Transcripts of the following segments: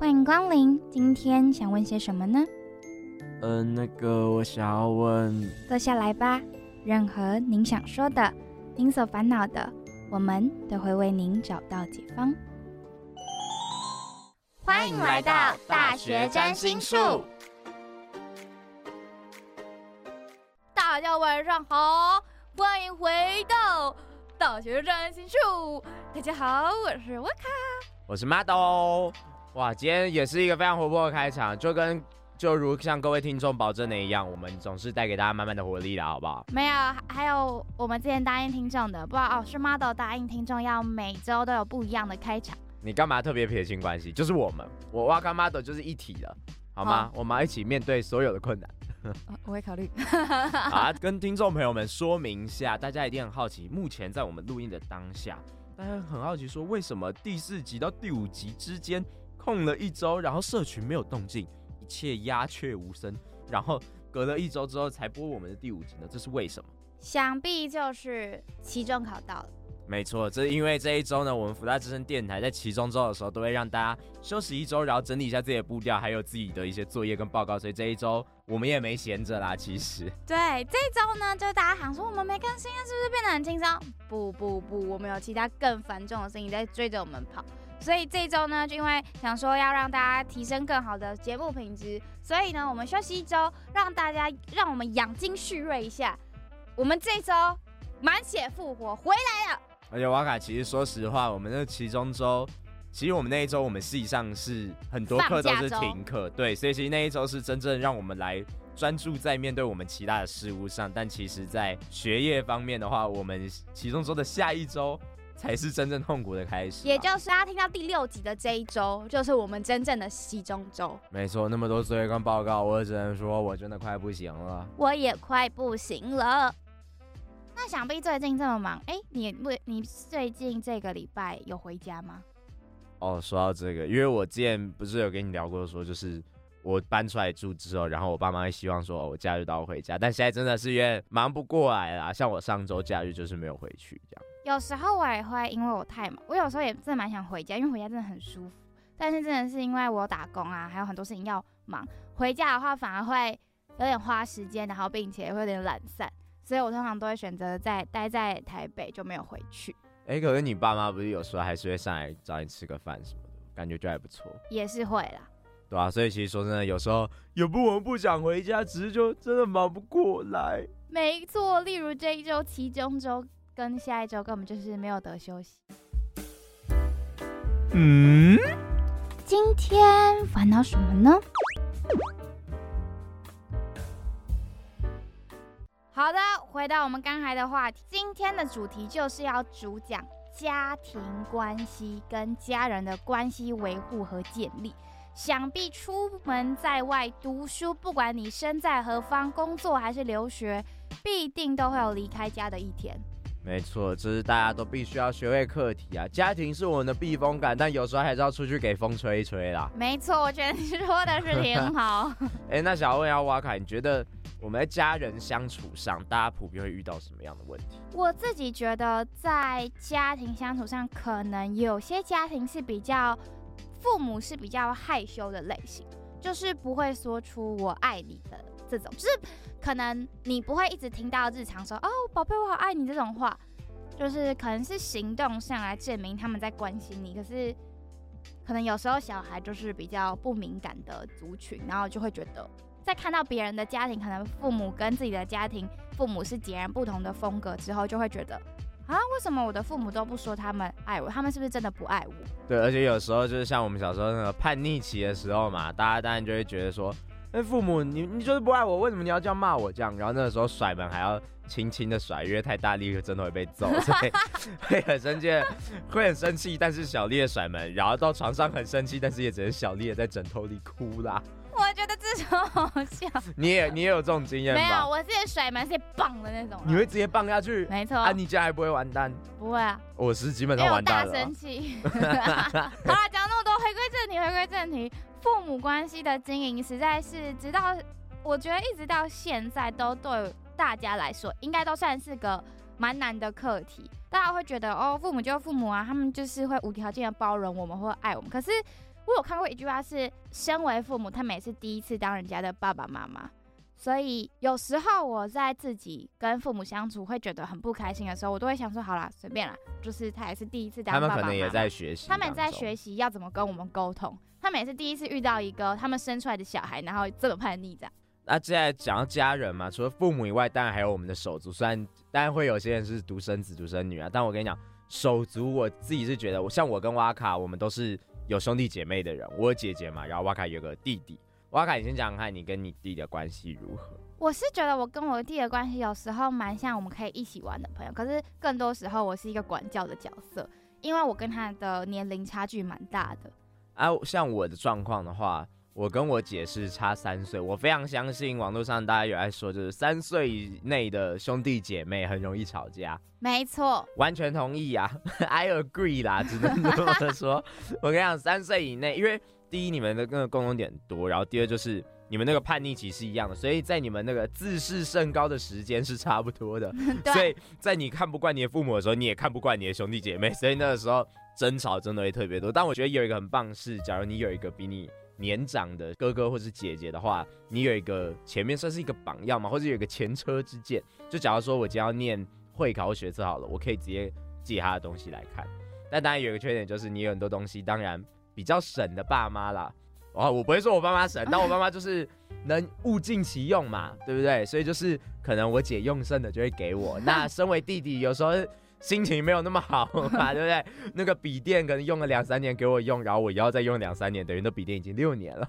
歡迎光臨，今天想問些什麼呢？嗯、呃，那個我想要問，坐下來吧，任何您想說的、您所煩惱的，我們都會為您找到解方。歡迎來到大學占心術。大家晚上好，歡迎回到大學占心術。大家好，我是沃卡，我是馬豆。哇，今天也是一個非常活潑的開場，就跟就如像各位聽眾保證的一樣，我們總是帶給大家滿滿的活力啦，好不好？沒有，還有我們之前答應聽眾的，不知道哦，是 Model 答應聽眾要每周都有不一樣的開場。你幹嘛特別撇清關係？就是我們，我哇跟 Model 就是一體的，好嗎？好，我們要一起面對所有的困難。 我會考慮。 好，跟聽眾朋友們說明一下，大家一定很好奇，目前在我們錄音的當下，大家很好奇說為什麼第四集到第五集之間。空了一周，然後社群沒有動靜，一切鴉雀無聲。然後隔了一周之後才播我們的第五集呢，這是為什麼？想必就是期中考到了。沒錯，這、就是因為這一周呢，我們福大之聲電台在期中之後的時候，期中週的時候，都會讓大家休息一周，然後整理一下自己的步調，還有自己的一些作業跟報告。所以這一周我們也沒閒着啦，其實。對，這一周呢，就是、大家想說我們沒更新，是不是變得很輕鬆？不不不，我們有其他更繁重的事情在追着我們跑。所以這一週呢，就因為想說要讓大家提升更好的節目品質，所以呢，我們休息一周，讓大家讓我們養精蓄銳一下。我們這一週滿血復活回來了。而且瓦卡，其實說實話，我們的其中周，其實我們那一周我們實際上是很多課都是停課，對，所以其實那一周是真正讓我們來專注在面對我們其他的事物上。但其實在學業方面的話，我們其中周的下一周。才是真正痛苦的開始，啊，也就是他聽到第六集的這一周，就是我們真正的期中周。沒錯，那麼多作業跟報告，我只能說我真的快不行了，我也快不行了。那想必最近這麼忙，哎、欸，你你最近這個禮拜有回家嗎？哦，說到這個，因為我之前不是有跟你聊過，說就是我搬出來住之後，然後我爸媽希望說、哦、我假日都要回家，但現在真的是有點忙不過來啦。像我上周假日就是沒有回去這樣。有時候我也會因為我太忙，我有時候也真的蠻想回家，因為回家真的很舒服。但是真的是因為我有打工啊，還有很多事情要忙，回家的話反而會有點花時間，然後並且會有點懶散，所以我通常都會選擇在待在台北，就沒有回去。哎、欸，可是你爸媽不是有時候還是會上來找你吃個飯什麼的，感覺就還不錯。也是會啦，對啊，所以其實說真的，有時候，有不，我們不想回家，只是就真的忙不過來。沒錯，例如這一周，其中周。跟下一周根本就是沒有得休息。嗯，今天煩惱什麼呢？好的，回到我們剛才的話題，今天的主題就是要主講家庭關係跟家人的關係維護和建立。想必出門在外讀書，不管你身在何方，工作還是留學，必定都會有離開家的一天。沒錯，這、就是大家都必須要學會課題啊。家庭是我們的避風港，但有時候還是要出去給風吹一吹啦。沒錯，我覺得你說的是挺好。哎、 欸，那想要問一下瓦卡，你覺得我們在家人相處上，大家普遍會遇到什麼樣的問題？我自己覺得，在家庭相處上，可能有些家庭是比較父母是比較害羞的類型，就是不會說出我愛你的。這種就是可能你不會一直聽到日常說哦，寶貝我好愛你這種話，就是可能是行動上來證明他們在關心你。可是可能有時候小孩就是比較不敏感的族群，然後就會覺得在看到別人的家庭，可能父母跟自己的家庭父母是截然不同的風格之後，就會覺得啊，為什麼我的父母都不說他們愛我？他們是不是真的不愛我？對，而且有時候就是像我們小時候那個叛逆期的時候嘛，大家當然就會覺得說。那、欸、父母，你你就是不愛我，為什麼你要這樣罵我這樣？然後那個時候甩門還要輕輕的甩，因為太大力就真的會被揍，會很生氣， 會很生氣。但是小力也甩門，然後到床上很生氣，但是也只是小力也在枕頭裡哭啦。我覺得這種好笑。你也你也有這種經驗？沒有，我是也甩門是棒的那種。你會直接棒下去？沒錯錯。啊，你家還不會完蛋？不會啊。我是基本上完蛋了。大生氣。 好、啊、了，講那麼多，回歸正題，回歸正題。父母關係的經營實在是，直到我覺得一直到現在都對大家來說，應該都算是個蠻難的課題。大家會覺得哦，父母就是父母啊，他們就是會無條件的包容我們或愛我們。可是我有看過一句話是，身為父母，他們也是第一次當人家的爸爸媽媽，所以有時候我在自己跟父母相處會覺得很不開心的時候，我都會想說，好啦，隨便啦，就是他也是第一次當人家的爸爸。他們可能也在學習，他們在學習要怎麼跟我們溝通。他每次第一次遇到一個他們生出來的小孩，然後這麼叛逆，這樣。那、啊、接下來講到家人嘛，除了父母以外，當然還有我們的手足。雖然當然會有些人是獨生子、獨生女啊，但我跟你講，手足我自己是覺得，像我跟瓦卡，我們都是有兄弟姐妹的人。我有姐姐嘛，然後瓦卡有個弟弟。瓦卡，你先講看你跟你弟的關係如何？我是覺得我跟我弟的關係有時候蠻像我們可以一起玩的朋友，可是更多時候我是一個管教的角色，因為我跟他的年齡差距蠻大的。啊，像我的狀況的話，我跟我姐是差三歲。我非常相信網絡上大家有在說，就是三歲以內的兄弟姐妹很容易吵架。沒錯錯，完全同意啊，I agree 啦，只能這麼說。 我跟你講，三歲以內，因為第一你們的那個共同點多，然後第二就是你們那個叛逆期是一樣的，所以在你們那個自視甚高的時間是差不多的。對所以在你看不慣你的父母的時候，你也看不慣你的兄弟姐妹，所以那個時候。爭吵真的會特別多，但我覺得有一個很棒是，假如你有一個比你年長的哥哥或是姐姐的話，你有一個前面算是一個榜樣嘛，或者有一個前車之鑑。就假如說我今天要念會考學測好了，我可以直接借他的東西來看。但當然有一個缺點就是，你有很多東西當然比較省的爸媽啦。哦，我不會說我爸媽省，但我爸媽就是能物盡其用嘛，對不對？所以就是可能我姐用剩的就會給我。那身為弟弟，有時候。心情沒有那麼好嘛，對不對？那個筆電可能用了兩三年給我用，然後我要再用兩三年，等於那筆電已經六年了，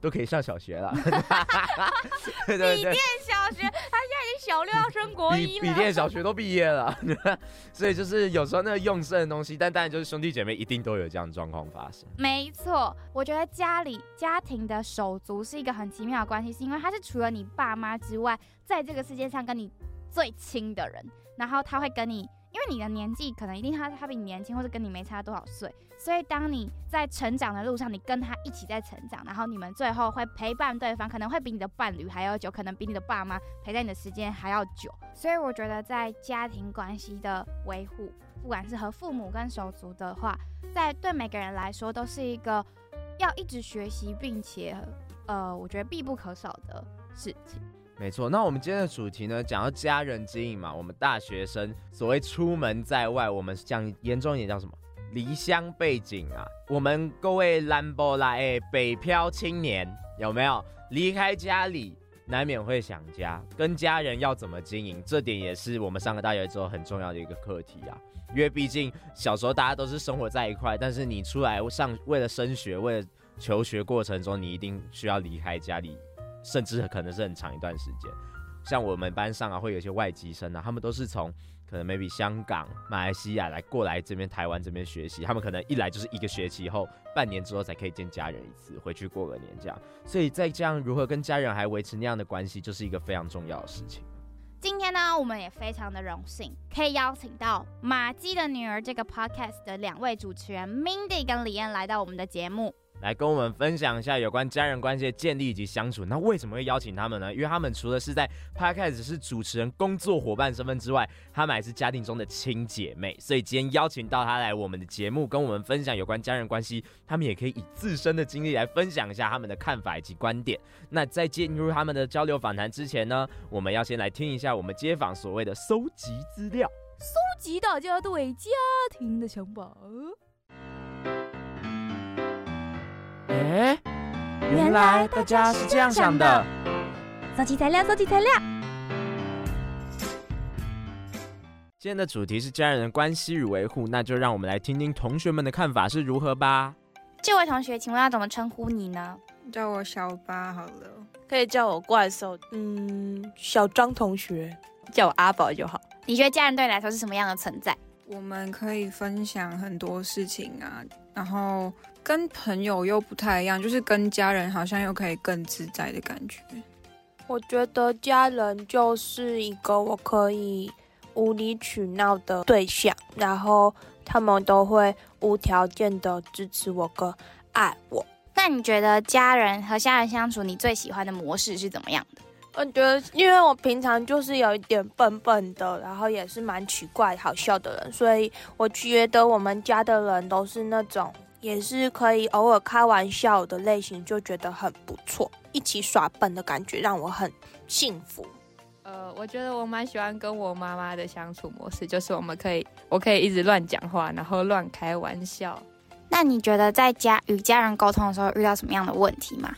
都可以上小學了。 對對 筆電小學，他現在已經小六要升國一了。筆筆電小學都畢業了，對不對？所以就是有時候那個用剩的東西，但當然就是兄弟姐妹一定都有這樣的狀況發生。沒錯，我覺得家裡家庭的手足是一個很奇妙的關係，是因為他是除了你爸媽之外，在這個世界上跟你最親的人，然後他會跟你，因為你的年紀可能一定他他比你年輕，或者跟你沒差多少歲，所以當你在成長的路上，你跟他一起在成長，然後你們最後會陪伴對方，可能會比你的伴侶還要久，可能比你的爸媽陪在你的時間還要久。所以我覺得在家庭關係的維護，不管是和父母跟手足的話，在對每個人來說都是一個要一直學習，並且呃，我覺得必不可少的事情。沒錯，那我們今天的主題呢，講到家人經營嘛，我們大學生所謂出門在外，我們講嚴重一點叫什麼？離鄉背井啊。我們各位蘭博拉哎，北漂青年有沒有離開家裡，難免會想家，跟家人要怎麼經營，這點也是我們上了大學之後很重要的一個課題啊。因為畢竟小時候大家都是生活在一塊，但是你出來上為了升學，為了求學過程中，你一定需要離開家裡。甚至可能是很長一段時間，像我們班上啊，會有一些外籍生啊，他們都是從可能 maybe 香港、馬來西亞來過來這邊台灣這邊學習，他們可能一來就是一個學期後，半年之後才可以見家人一次，回去過個年這樣。所以在這樣如何跟家人還維持那樣的關係，就是一個非常重要的事情。今天呢，我們也非常的榮幸，可以邀請到瑪姬的女兒這個 podcast 的兩位主持人 Mindy 跟 Lianne 來到我們的節目。來跟我們分享一下有關家人關係的建立以及相處。那為什麼會邀請他們呢？因為他們除了是在拍 o d 是主持人工作夥伴身份之外，他們還是家庭中的親姐妹。所以今天邀請到他來我們的節目，跟我們分享有關家人關係，他們也可以以自身的經歷來分享一下他們的看法以及觀點。那在進入他們的交流訪談之前呢，我們要先來聽一下我們街訪所謂的搜集資料，搜集大家對家庭的想法。哎，原來大家是這樣想的。收集材料，收集材料。今天的主題是家人的關係與維護，那就讓我們來聽聽同學們的看法是如何吧。這位同學，請問要怎麼稱呼你呢？叫我小八好了，可以叫我怪獸。嗯，小張同學，叫我阿寶就好。你覺得家人對你來說是什麼樣的存在？我們可以分享很多事情啊，然後。跟朋友又不太一樣，就是跟家人好像又可以更自在的感覺。我覺得家人就是一個我可以無理取鬧的對象，然後他們都會無條件的支持我跟愛我。那你覺得家人和家人相處，你最喜歡的模式是怎麼樣的？我覺得，因為我平常就是有一點笨笨的，然後也是蠻奇怪、好笑的人，所以我覺得我們家的人都是那種。也是可以偶爾開玩笑的類型，就覺得很不錯。一起耍笨的感覺讓我很幸福。呃，我覺得我蠻喜歡跟我媽媽的相處模式，就是我們可以，我可以一直亂講話，然後亂開玩笑。那你覺得在家與家人溝通的時候遇到什麼樣的問題嗎？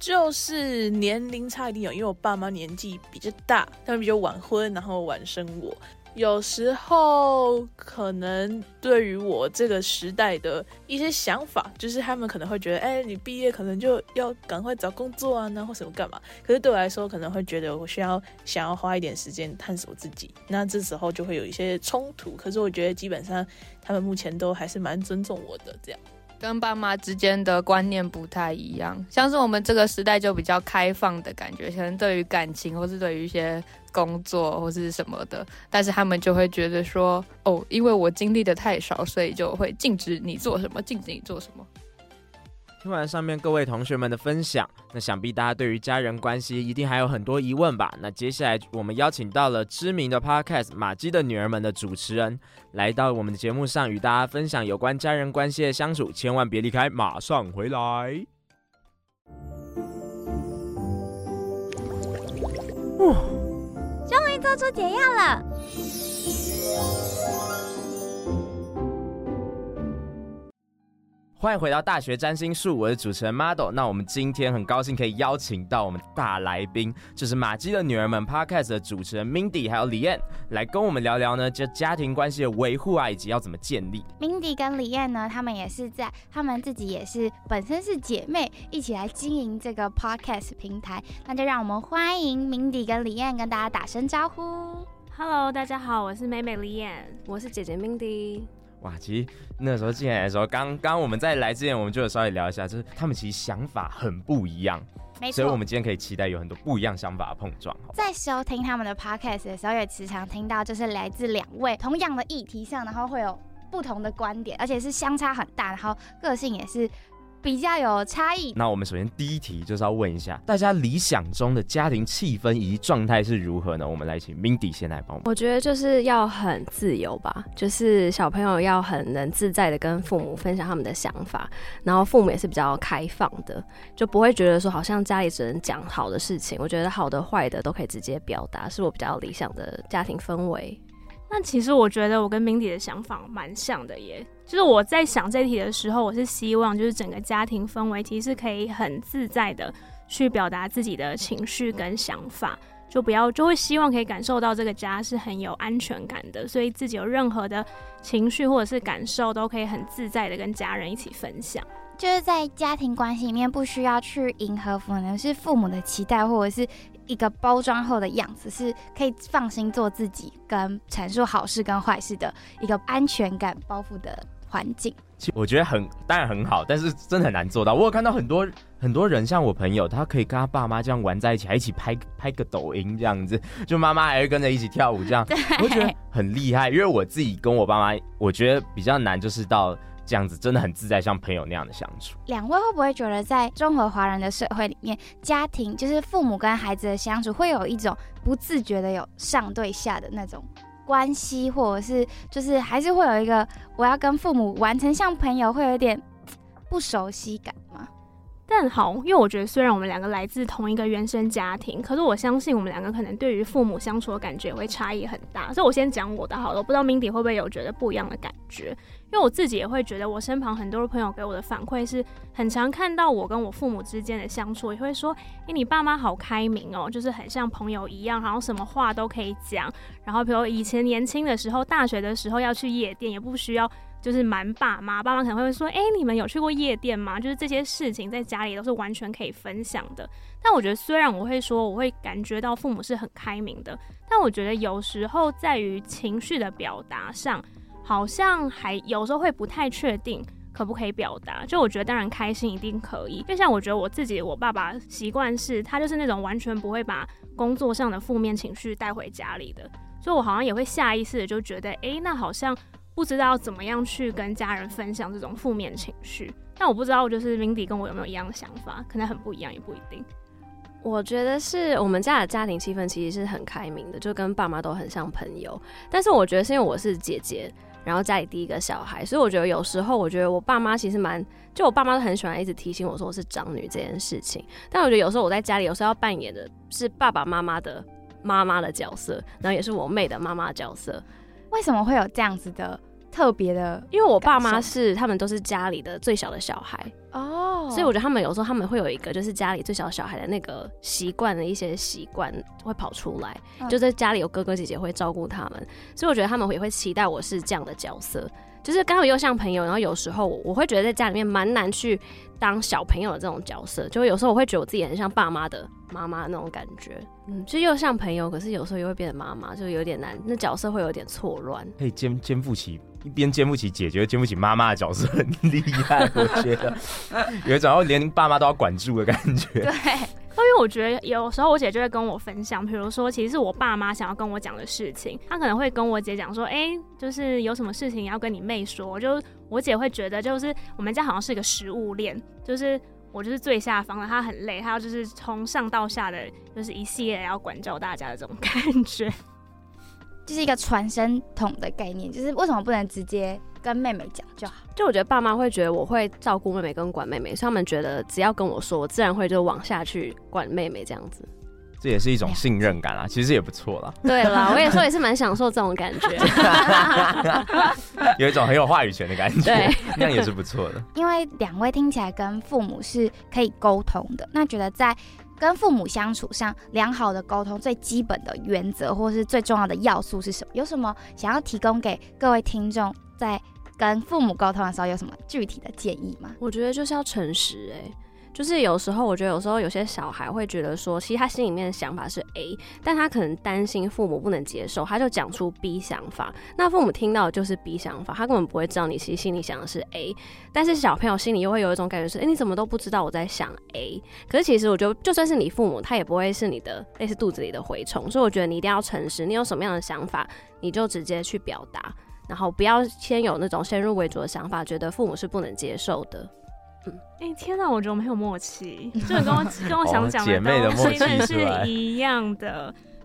就是年齡差一定有，因為我爸媽年紀比較大，他們比較晚婚，然後晚生我。有時候可能對於我這個時代的一些想法，就是他們可能會覺得，哎、欸，你畢業可能就要趕快找工作啊，那或什麼幹嘛？可是對我來說，可能會覺得我需要想要花一點時間探索自己。那這時候就會有一些衝突。可是我覺得基本上他們目前都還是蠻尊重我的這樣。跟爸媽之間的觀念不太一樣，像是我們這個時代就比較開放的感覺，可能對於感情或是對於一些工作或是什麼的，但是他們就會覺得說，哦，因為我經歷得太少，所以就會禁止你做什麼，禁止你做什麼。聽完上面各位同學們的分享，那想必大家對於家人關係一定還有很多疑問吧？那接下來我們邀請到了知名的 podcast 瑪姬的女兒們的主持人，來到我們的節目上與大家分享有關家人關係的相處，千萬別離開，馬上回來。哇，終於做出解藥了！歡迎回到《大學占心術》，我是主持人媽豆。那我們今天很高興可以邀請到我們大來賓，就是瑪姬的女兒們 Podcast 的主持人 Mindy 還有 Lianne，來跟我們聊聊呢，就家庭關係的維護啊，以及要怎麼建立。Mindy 跟 Lianne 呢，她們也是在，她們自己也是本身是姐妹，一起來經營這個 Podcast 平台。那就讓我們歡迎 Mindy 跟 Lianne 跟大家打聲招呼。Hello，大家好，我是妹妹 Lianne，我是姐姐 Mindy。哇，其實那時候進來，來的時候，剛剛我們在來之前，我們就有稍微聊一下，就是他們其實想法很不一樣，沒錯。所以我們今天可以期待有很多不一樣想法的碰撞。在收聽他們的 podcast 的時候，也時常聽到，就是來自兩位同樣的議題上，然後會有不同的觀點，而且是相差很大，然後個性也是。比較有差異。那我們首先第一題就是要問一下大家理想中的家庭氣氛以及狀態是如何呢？我們來請 Mindy 先來幫忙。我覺得就是要很自由吧，就是小朋友要很能自在的跟父母分享他們的想法，然後父母也是比較開放的，就不會覺得說好像家裡只能講好的事情。我覺得好的、壞的都可以直接表達，是我比較理想的家庭氛圍。那其實我覺得我跟 Mindy 的想法蠻像的耶。就是我在想這題的時候，我是希望就是整個家庭氛圍其實可以很自在的去表達自己的情緒跟想法，就不要就會希望可以感受到這個家是很有安全感的，所以自己有任何的情緒或者是感受都可以很自在的跟家人一起分享。就是在家庭關係裡面不需要去迎合可能是父母的期待或者是一個包裝後的樣子，是可以放心做自己跟闡述好事跟壞事的一個安全感包袱的。環境，其實我覺得很，當然很好，但是真的很難做到。我有看到很多很多人，像我朋友，他可以跟他爸媽這樣玩在一起，還一起拍拍個抖音這樣子，就媽媽還會跟着一起跳舞這樣。 對我覺得很厲害，因為我自己跟我爸媽，我覺得比較難，就是到這樣子，真的很自在，像朋友那樣的相處。兩位會不會覺得，在綜合華人的社會裡面，家庭就是父母跟孩子的相處，會有一種不自覺的有上對下的那種？關係，或者是就是還是會有一個，我要跟父母完成像朋友，會有一點不熟悉感嗎？但好，因為我覺得雖然我們兩個來自同一個原生家庭，可是我相信我們兩個可能對於父母相處的感覺會差異很大。所以我先講我的好了，我不知道 Mindy 會不會有覺得不一樣的感覺。因為我自己也會覺得，我身旁很多朋友給我的反饋是很常看到我跟我父母之間的相處，也會說：“誒，你爸媽好開明哦，就是很像朋友一樣，好像什麼話都可以講。”然後，比如以前年輕的時候，大學的時候要去夜店，也不需要就是瞞爸媽，爸媽可能會說：“誒，你們有去過夜店嗎？”就是這些事情在家裡都是完全可以分享的。但我覺得，雖然我會說我會感覺到父母是很開明的，但我覺得有時候在於情緒的表達上。好像還有時候會不太確定可不可以表達，就我覺得當然開心一定可以，就像我覺得我自己，我爸爸習慣是他就是那種完全不會把工作上的負面情緒帶回家裡的，所以我好像也會下意識的就覺得，哎、欸，那好像不知道怎麼樣去跟家人分享這種負面情緒。但我不知道，就是 Mindy 跟我有沒有一樣的想法，可能很不一樣也不一定。我覺得是我們家的家庭氣氛其實是很開明的，就跟爸媽都很像朋友，但是我覺得是因為我是姐姐，然後家裡第一個小孩，所以我覺得有時候，我覺得我爸媽其實蠻，就我爸媽都很喜歡一直提醒我說我是長女這件事情。但我覺得有時候我在家裡有時候要扮演的是爸爸媽媽的媽媽的角色，然後也是我妹的媽媽的角色。為什麼會有這樣子的？特別的，因為我爸媽是他們都是家裡的最小的小孩哦，oh. 所以我覺得他們有時候他們會有一個就是家裡最小小孩的那個習慣的一些習慣會跑出來，oh. 就在家裡有哥哥姐姐會照顧他們，所以我覺得他們也會期待我是這樣的角色。就是剛好又像朋友，然後有時候我，我會覺得在家裡面蠻難去當小朋友的這種角色，就有時候我會覺得我自己很像爸媽的媽媽那種感覺，嗯，就又像朋友，可是有時候又會變成媽媽，就有點難，那角色會有點錯亂。嘿，可以肩肩負起一邊肩負起姐姐，肩負起媽媽的角色，很厲害， 我覺得有一種連爸媽都要管住的感覺。對。因為我覺得有時候我姐就會跟我分享，比如說其實是我爸媽想要跟我講的事情，他可能會跟我姐講說，哎、欸，就是有什麼事情要跟你妹說，就我姐會覺得就是我們家好像是一個食物鏈，就是我就是最下方的，她很累，她就是從上到下的就是一系列要管教大家的這種感覺，就是一個傳聲筒的概念，就是為什麼不能直接跟妹妹講就好，就我覺得爸媽會覺得我會照顧妹妹跟管妹妹，所以他們覺得只要跟我說，我自然會就往下去管妹妹這樣子。嗯、這也是一種信任感啊，哎、呀其實也不錯啦。對啦，我也說也是蠻享受這種感覺，有一種很有話語權的感覺，對 那也是不錯的。因為兩位聽起來跟父母是可以溝通的，那覺得在。跟父母相處上，良好的溝通，最基本的原則，或是最重要的要素是什麼？有什麼想要提供給各位聽眾，在跟父母溝通的時候有什麼具體的建議嗎？我覺得就是要誠實，誒。就是有時候，我覺得有時候有些小孩會覺得說，其實他心裡面的想法是 A，但他可能擔心父母不能接受，他就講出 B 想法。那父母聽到的就是 B 想法，他根本不會知道你其實心裡想的是 A。但是小朋友心裡又會有一種感覺是，哎，你怎麼都不知道我在想 A？可是其實我覺得，就算是你父母，他也不會是你的類似肚子裡的蛔蟲，所以我覺得你一定要誠實，你有什麼樣的想法，你就直接去表達，然後不要先有那種先入為主的想法，覺得父母是不能接受的。哎、嗯欸、天吶、啊，我覺得我們很有默契，這 跟我跟我想講的其實是一樣的。哦、姐妹的默契，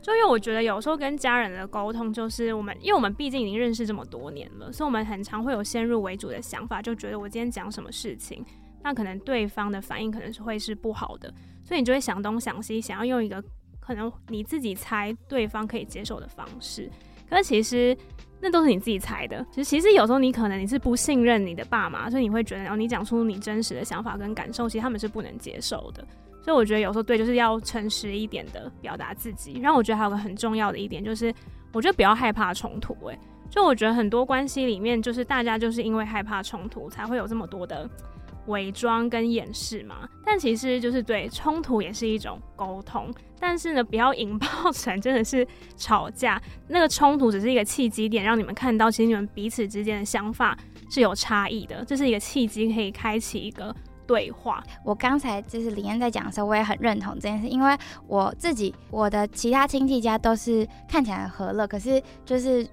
就因為我覺得有時候跟家人的溝通，就是我們因為我們畢竟已經認識這麼多年了，所以我們很常會有先入為主的想法，就覺得我今天講什麼事情，那可能對方的反應可能是會是不好的，所以你就會想東想西，想要用一個可能你自己猜對方可以接受的方式，可是其實。那都是你自己猜的，其實其實有時候你可能你是不信任你的爸媽，所以你會覺得，然後，哦，你講出你真實的想法跟感受，其實他們是不能接受的。所以我覺得有時候對，就是要誠實一點的表達自己。然後我覺得還有個很重要的一點就是，我覺得不要害怕衝突、欸。誒，就我覺得很多關係裡面，就是大家就是因為害怕衝突，才會有這麼多的。偽裝跟掩飾嘛，但其實就是對，衝突也是一種溝通。但是呢，不要引爆成真的是吵架，那個衝突只是一個契機點，讓你們看到其實你們彼此之間的想法是有差異的，這是一個契機，可以開啟一個對話。我剛才就是 Lianne 在講的時候，我也很認同這件事，因為我自己我的其他親戚家都是看起來很和樂，可是就是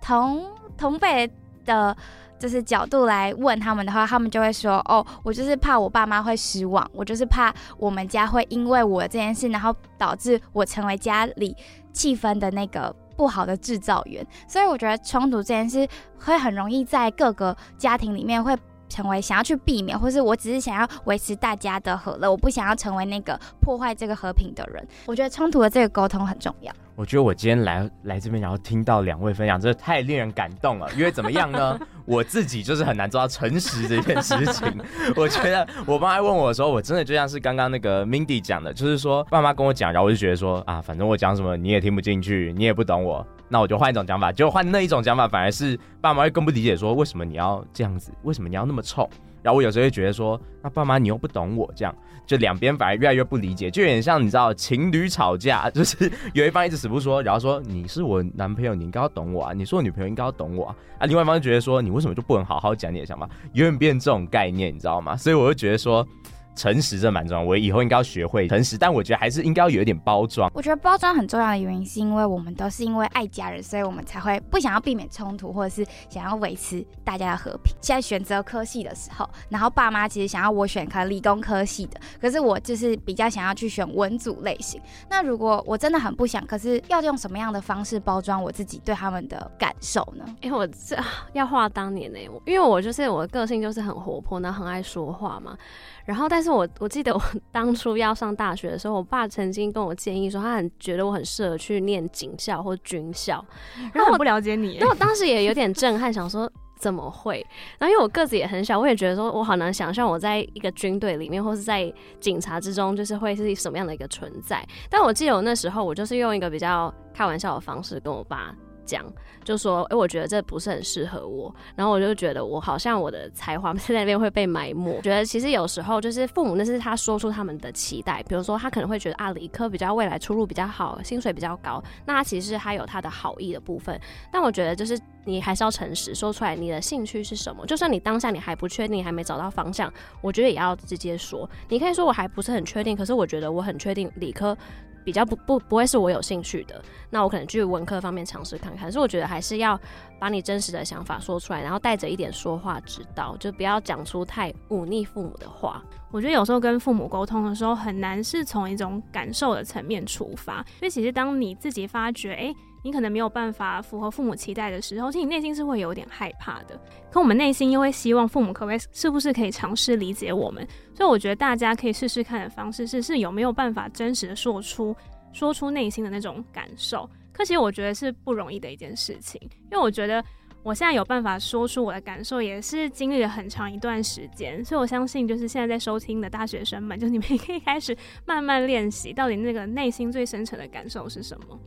同同輩的。就是角度來問他們的話，他們就會說：“哦，我就是怕我爸媽會失望，我就是怕我們家會因為我這件事，然後導致我成為家裡氣氛的那個不好的製造員。”所以我覺得衝突這件事會很容易在各個家庭裡面會。成為想要去避免，或是我只是想要維持大家的和樂，我不想要成為那個破壞這個和平的人。我覺得衝突的這個溝通很重要。我覺得我今天來來這邊，然後聽到兩位分享，真的太令人感動了。因為怎麼樣呢？ 我自己就是很難做到誠實這件事情。我覺得我爸媽問我的時候，我真的就像是剛剛那個 Mindy 講的，就是說爸媽跟我講，然後我就覺得說啊，反正我講什麼你也聽不進去，你也不懂我。那我就換一種講法，就換那一種講法，反而是爸媽會更不理解，說為什麼你要這樣子，為什麼你要那麼臭？然後我有時候會覺得說，那爸媽你又不懂我，這樣就兩邊反而越來越不理解，就有點像你知道情侶吵架，就是有一方一直死不說，然後說你是我男朋友，你應該要懂我啊，你是我女朋友應該要懂我啊，啊，另外一方就覺得說你為什麼就不能好好講你的想法，永遠變這種概念，你知道嗎？所以我就覺得說。誠實這蠻重要，我以後應該要學會誠實，但我覺得還是應該要有一點包裝。我覺得包裝很重要的原因，是因為我們都是因為愛家人，所以我們才會不想要避免衝突，或者是想要維持大家的和平。現在選擇科系的時候，然後爸媽其實想要我選可能理工科系的，可是我就是比較想要去選文組類型。那如果我真的很不想，可是要用什麼樣的方式包裝我自己對他們的感受呢？因為我這要畫當年呢、欸，因為我就是我的個性就是很活潑，然後很愛說話嘛。然後，但是我我記得我當初要上大學的時候，我爸曾經跟我建議說，他很覺得我很適合去念警校或軍校。然後我不了解你，那我當時也有點震撼， 想說怎麼會？然後因為我個子也很小，我也覺得說我好難想象，我在一個軍隊裡面或是在警察之中，就是會是什麼樣的一個存在。但我記得我那時候，我就是用一個比較開玩笑的方式跟我爸。講就說，哎，我覺得這不是很適合我，然後我就覺得我好像我的才華在那邊會被埋沒。我覺得其實有時候就是父母那是他說出他們的期待，比如說他可能會覺得啊，理科比較未來出路比較好，薪水比較高，那他其實他有他的好意的部分，但我覺得就是。你還是要誠實說出來，你的興趣是什麼？就算你當下你還不確定，還沒找到方向，我覺得也要直接說。你可以說我還不是很確定，可是我覺得我很確定，理科比較不不不，不會是我有興趣的，那我可能去文科方面嘗試看看。所以我覺得還是要把你真實的想法說出來，然後帶着一點說話之道，就不要講出太忤逆父母的話。我覺得有時候跟父母溝通的時候，很難是從一種感受的層面出發，因為其實當你自己發覺，哎。你可能沒有辦法符合父母期待的時候，其實你內心是會有點害怕的。可我們內心又會希望父母可不可以，是不是可以嘗試理解我們？所以我覺得大家可以試試看的方式是是有沒有辦法真實的說出，說出內心的那種感受。可其實我覺得是不容易的一件事情，因為我覺得我現在有辦法說出我的感受，也是經歷了很長一段時間。所以我相信，就是現在在收聽的大學生們，就是你們也可以開始慢慢練習，到底那個內心最深沉的感受是什麼。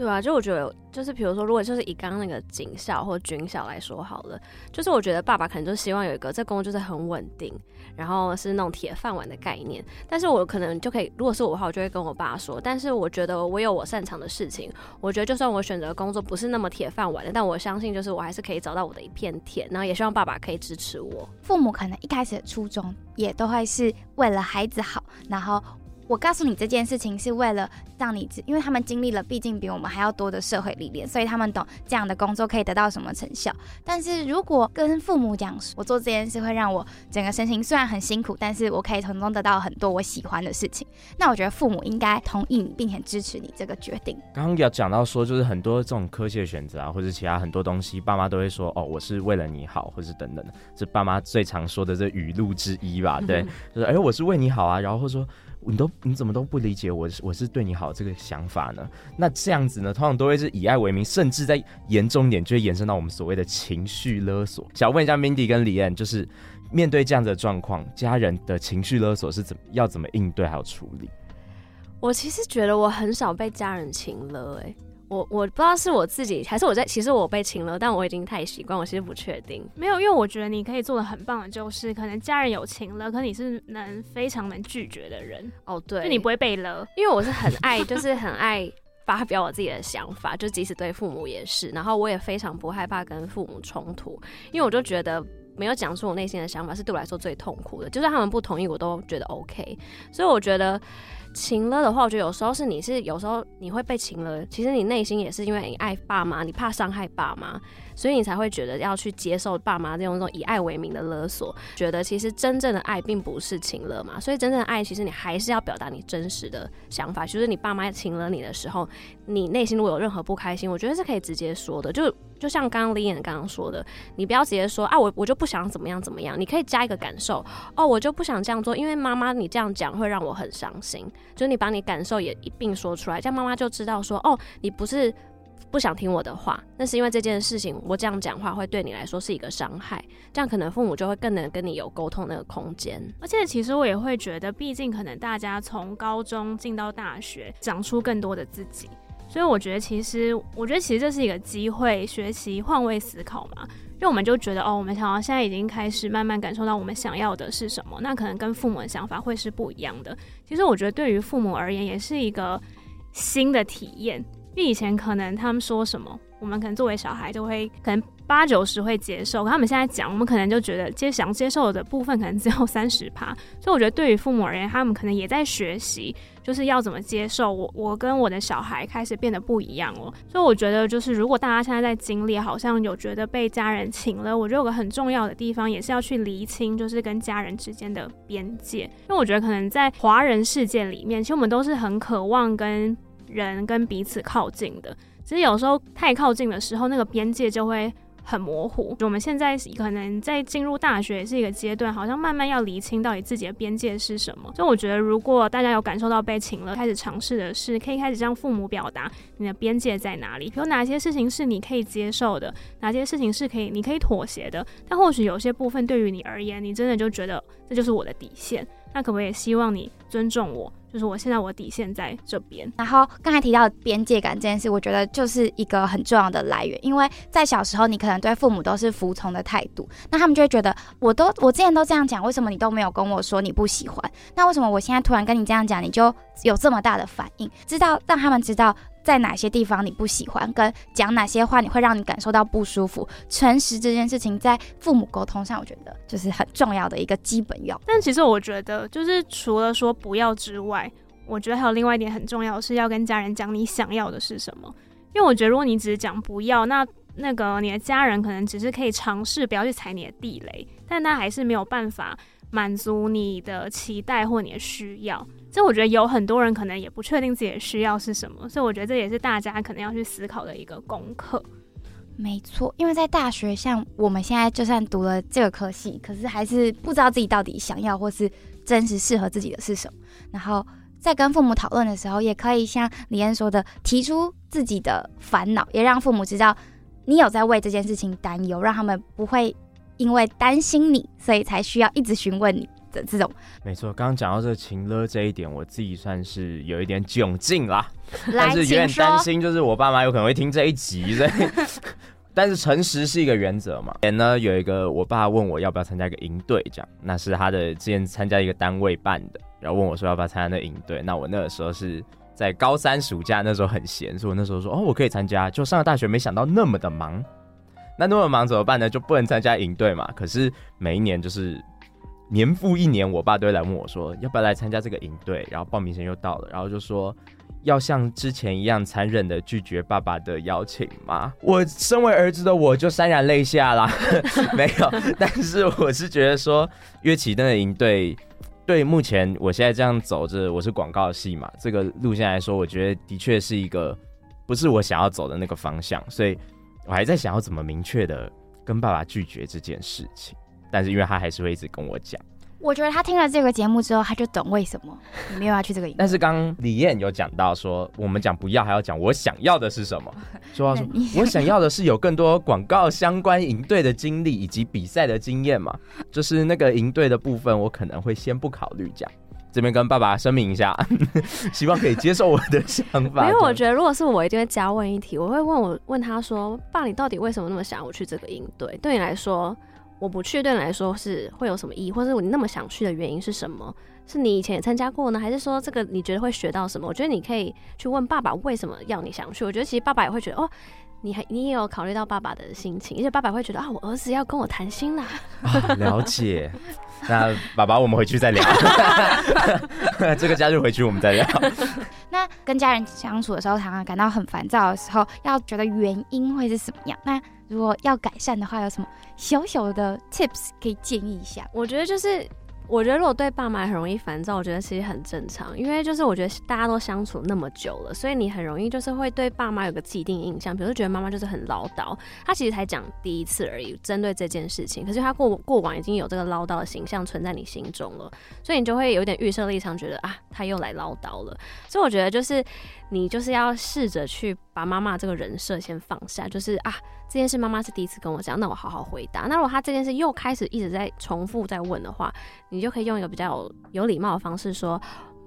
對啊，就我覺得，就是比如說，如果就是以剛剛那個警校或軍校來說好了，就是我覺得爸爸可能就希望有一個這工作就是很穩定，然後是那種鐵飯碗的概念。但是我可能就可以，如果是我的話，我就會跟我爸說，但是我覺得我有我擅長的事情，我覺得就算我選擇工作不是那麼鐵飯碗的，但我相信就是我還是可以找到我的一片天，然後也希望爸爸可以支持我。父母可能一開始的初衷也都會是為了孩子好，然後。我告訴你這件事情是為了讓你，因為他們經歷了，畢竟比我們還要多的社會歷練，所以他們懂這樣的工作可以得到什麼成效。但是如果跟父母講，我做這件事會讓我整個身心雖然很辛苦，但是我可以從中得到很多我喜歡的事情。那我覺得父母應該同意你，並且支持你這個決定。剛剛有講到說，就是很多這種科系的選擇啊，或者其他很多東西，爸媽都會說：“哦，我是為了你好，”或是等等，這爸媽最常說的這語錄之一吧？嗯、對，就是：‘哎、欸，我是為你好啊。”然後會說。你都你怎麼都不理解我是我是對你好這個想法呢？那這樣子呢，通常都會是以愛為名，甚至在嚴重點就會延伸到我們所謂的情緒勒索。想問一下 Mindy 跟 Lianne，就是面對這樣子的狀況，家人的情緒勒索是怎麼，要怎麼應對還有處理？我其實覺得我很少被家人情勒哎。我我不知道是我自己還是我在，其實我被情勒，但我已經太習慣，我其實不確定。沒有，因為我覺得你可以做得很棒的就是，可能家人有情勒，可是你是能非常能拒絕的人。哦，對，就你不會被勒了，因為我是很愛，就是很愛發表我自己的想法， 就即使對父母也是。然後我也非常不害怕跟父母衝突，因為我就覺得沒有講出我內心的想法是對我來說最痛苦的，就算他們不同意，我都覺得 OK。所以我覺得。情勒的話，我覺得有時候是你是，有時候你會被情勒。其實你內心也是，因為你愛爸媽，你怕傷害爸媽。所以你才會覺得要去接受爸媽這種以愛為名的勒索，覺得其實真正的愛並不是情勒嘛。所以真正的愛，其實你還是要表達你真實的想法。就是你爸媽情勒你的時候，你內心如果有任何不開心，我覺得是可以直接說的。就就像剛剛 Lianne 剛剛說的，你不要直接說啊，我我就不想怎麼樣怎麼樣。你可以加一個感受，哦，我就不想這樣做，因為媽媽你這樣講會讓我很傷心。就是你把你感受也一並說出來，這樣媽媽就知道說，哦，你不是。不想聽我的話，那是因為這件事情我這樣講話會對你來說是一個傷害，這樣可能父母就會更能跟你有溝通那個空間。而且其實我也會覺得，畢竟可能大家從高中進到大學，講出更多的自己，所以我覺得其實我覺得其實這是一個機會，學習換位思考嘛。因為我們就覺得哦，我們想要現在已經開始慢慢感受到我們想要的是什麼，那可能跟父母的想法會是不一樣的。其實我覺得對於父母而言，也是一個新的體驗。因為以前可能他們說什麼，我們可能作為小孩就會，可能八九十會接受。可他們現在講，我們可能就覺得，接想接受的部分可能只有三十趴。所以我覺得對於父母而言，他們可能也在學習，就是要怎麼接受我，我跟我的小孩開始變得不一樣哦。所以我覺得，就是如果大家現在在經歷，好像有覺得被家人請了，我覺得有個很重要的地方也是要去釐清，就是跟家人之間的邊界。因為我覺得可能在華人世界裡面，其實我們都是很渴望跟。人跟彼此靠近的，其實有時候太靠近的時候，那個邊界就會很模糊。我們現在可能在進入大學是一個階段，好像慢慢要理清到底自己的邊界是什麼。所以我覺得，如果大家有感受到被侵了，開始嘗試的是可以開始向父母表達你的邊界在哪裡，比如哪些事情是你可以接受的，哪些事情是可以你可以妥協的，但或許有些部分對於你而言，你真的就覺得這就是我的底線。那可不可以也希望你尊重我？就是我現在我底線在這邊。然後剛才提到邊界感這件事，我覺得就是一個很重要的來源，因為在小時候你可能對父母都是服從的態度，那他們就會覺得我都我之前都這樣講，為什麼你都沒有跟我說你不喜歡？那為什麼我現在突然跟你這樣講，你就有這麼大的反應？知道讓他們知道。在哪些地方你不喜歡跟講哪些話，你會讓你感受到不舒服？誠實這件事情在父母溝通上，我覺得就是很重要的一個基本要。但其實我覺得，就是除了說不要之外，我覺得還有另外一點很重要，是要跟家人講你想要的是什麼。因為我覺得，如果你只是講不要，那那個你的家人可能只是可以嘗試不要去踩你的地雷，但他還是沒有辦法。滿足你的期待或你的需要，所以我覺得有很多人可能也不確定自己的需要是什麼，所以我覺得這也是大家可能要去思考的一個功課。沒錯，因為在大學，像我們現在就算讀了這個科系，可是還是不知道自己到底想要或是真實適合自己的是什麼。然後在跟父母討論的時候，也可以像 Lianne 說的，提出自己的煩惱，也讓父母知道你有在為這件事情擔憂，讓他們不會。因為擔心你，所以才需要一直詢問你的這種。沒錯，剛剛講到這個情勒這一點，我自己算是有一點窘境啦。來但是有點擔心，就是我爸媽有可能會聽這一集。所以 但是誠實是一個原則嘛。前呢有一個我爸問我要不要參加一個營隊，這樣，那是他的之前參加一個單位辦的，然後問我說要不要參加那個營隊。那我那個時候是在高三暑假，那時候很閒，所以我那時候說哦我可以參加。就上了大學，沒想到那麼的忙。那那麼忙怎麼辦呢？就不能參加營隊嘛？可是每一年就是年復一年，我爸都會來問我說：“要不要來參加這個營隊？”然後報名時間又到了，然後就說要像之前一樣殘忍的拒絕爸爸的邀請嗎？我身為兒子的我就潸然淚下啦呵呵。沒有，但是我是覺得說約奇那個營隊，對目前我現在這樣走着，我是廣告系嘛，這個路線來說，我覺得的確是一個不是我想要走的那個方向，所以，我還在想要怎麼明確的跟爸爸拒絕這件事情，但是因為他還是會一直跟我講。我覺得他聽了這個節目之後，他就懂為什麼你沒有要去這個營。 但是剛 Lianne 有講到說，我們講不要還要講我想要的是什麼，要說話說 那你 我想要的是有更多廣告相關營隊的經歷以及比賽的經驗嘛，就是那個營隊的部分，我可能會先不考慮講。這邊跟爸爸聲明一下， 希望可以接受我的想法。因為 有對我覺得，如果是我，一定會加問一題。我會問我問他說：“爸，你到底為什麼那麼想我去這個營隊？對你來說，我不去對你來說是會有什麼意義？或者你那麼想去的原因是什麼？是你以前也參加過呢，還是說這個你覺得會學到什麼？我覺得你可以去問爸爸為什麼要你想去。我覺得其實爸爸也會覺得哦。”你還你也有考慮到爸爸的心情，而且爸爸會覺得啊，我兒子要跟我談心了。啊，了解， 那爸爸，我們回去再聊。 這個家就回去我們再聊。 那跟家人相處的時候，常常感到很煩躁的時候，要覺得原因會是什麼樣？那如果要改善的話，有什麼小小的 tips 可以建議一下？我覺得就是。我覺得如果對爸媽很容易煩躁，我覺得其實很正常，因為就是我覺得大家都相處那麼久了，所以你很容易就是會對爸媽有個既定印象，比如說覺得媽媽就是很嘮叨，她其實才講第一次而已，針對這件事情，可是他過過往已經有這個嘮叨的形象存在你心中了，所以你就會有一點預設立場，覺得啊他又來嘮叨了，所以我覺得就是。你就是要試着去把媽媽這個人設先放下，就是啊，這件事媽媽是第一次跟我講，那我好好回答。那如果她這件事又開始一直在重複在問的話，你就可以用一個比較有禮貌的方式說。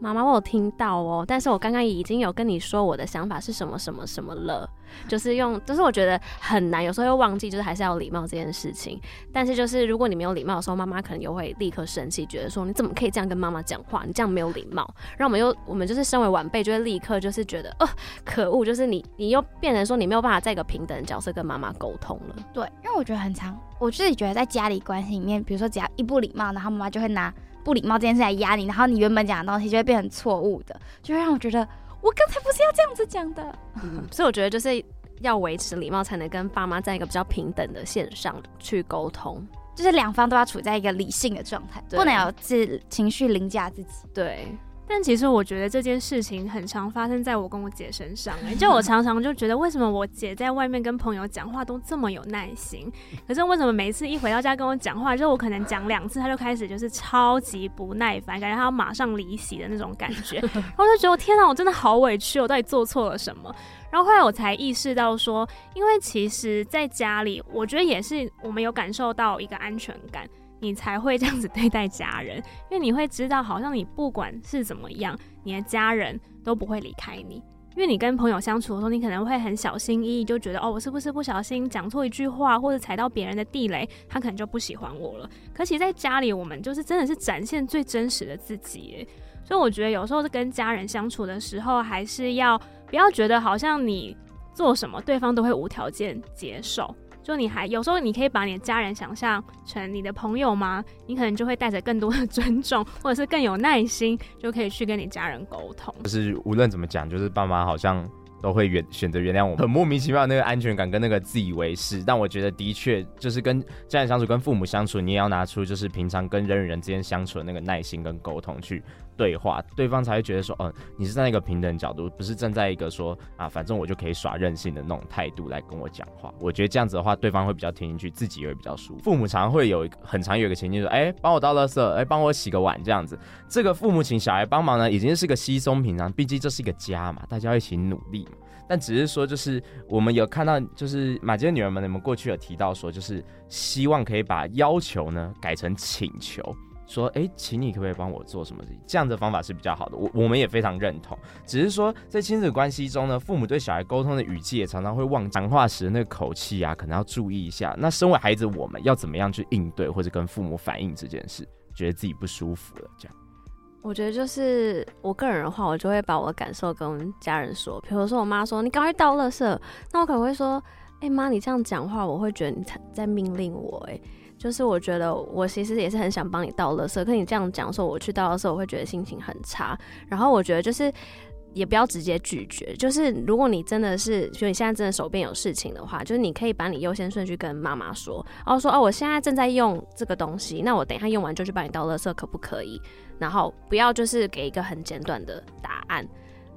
媽媽，我有聽到哦，但是我剛剛已經有跟你說我的想法是什麼什麼什麼了，嗯、就是用，就是我覺得很難，有時候又忘記，就是還是要禮貌這件事情。但是就是如果你沒有禮貌的時候，媽媽可能又會立刻生氣，覺得說你怎麼可以這樣跟媽媽講話，你這樣沒有禮貌。然後我們又我們就是身為晚輩，就會立刻就是覺得，呃，可惡，就是你你又變成說你沒有辦法在一個平等的角色跟媽媽溝通了。對，因為我覺得很常，我自己覺得在家裡關係裡面，比如說只要一不禮貌，然後媽媽就會拿。不禮貌這件事來壓你，然後你原本講的東西就會變成錯誤的，就會讓我覺得我剛才不是要這樣子講的。嗯，所以我覺得就是要維持禮貌，才能跟爸媽在一個比較平等的線上去溝通，就是兩方都要處在一個理性的狀態，對，不能有自情緒凌駕自己。對。但其實我覺得這件事情很常發生在我跟我姐身上，欸，哎，就我常常就覺得為什麼我姐在外面跟朋友講話都這麼有耐心，可是為什麼每次一回到家跟我講話，就我可能講兩次，她就開始就是超級不耐煩，感覺她要馬上離席的那種感覺， 然後就覺得天哪，啊，我真的好委屈，我到底做錯了什麼？然後後來我才意識到說，因為其實在家裡，我覺得也是我們有感受到一個安全感。你才會這樣子對待家人，因為你會知道，好像你不管是怎麼樣，你的家人都不會離開你。因為你跟朋友相處的時候，你可能會很小心翼翼，就覺得哦，我是不是不小心講錯一句話，或者踩到別人的地雷，他可能就不喜歡我了。可其實在家裡，我們就是真的是展現最真實的自己，所以我覺得有時候跟家人相處的時候，還是要不要覺得好像你做什麼，對方都會無條件接受。就你還有時候，你可以把你的家人想象成你的朋友嗎？你可能就會帶着更多的尊重，或者是更有耐心，就可以去跟你家人溝通。就是無論怎麼講，就是爸媽好像都會原選擇原諒我們。很莫名其妙的那個安全感跟那個自以為是，但我覺得的確就是跟家人相處、跟父母相處，你也要拿出就是平常跟人與人之間相處的那個耐心跟溝通去對話，對方才會覺得說，嗯、哦，你是在一個平等角度，不是站在一個說啊，反正我就可以耍任性的那種態度來跟我講話。我覺得這樣子的話，對方會比較聽進去，自己也會比較舒服。父母常常會有很常有一個情境說，哎，幫我倒垃圾，哎，幫我洗個碗這樣子。這個父母請小孩幫忙呢，已經是個稀鬆平常，畢竟這是一個家嘛，大家要一起努力嘛。但只是說，就是我們有看到，就是瑪姬的女兒們，你們過去有提到說，就是希望可以把要求呢改成請求。說，哎、欸，請你可不可以幫我做什麼事？這樣的方法是比較好的，我我們也非常認同。只是說，在親子關係中呢，父母對小孩溝通的語氣也常常會忘，講話時那口氣啊，可能要注意一下。那身為孩子，我們要怎麼樣去應對，或者跟父母反映這件事，覺得自己不舒服了？這樣，我覺得就是我個人的話，我就會把我的感受跟家人說。比如說，我媽說你趕快倒垃圾，那我可能會說，哎媽，你這樣講話，我會覺得你在命令我、欸。哎。就是我覺得，我其實也是很想幫你倒垃圾，可你這樣講說我去倒垃圾，我會覺得心情很差。然後我覺得就是也不要直接拒絕，就是如果你真的是，所以你現在真的手邊有事情的話，就是你可以把你優先順序跟媽媽說，然後說哦，我現在正在用這個東西，那我等一下用完就去幫你倒垃圾，可不可以？然後不要就是給一個很簡短的答案。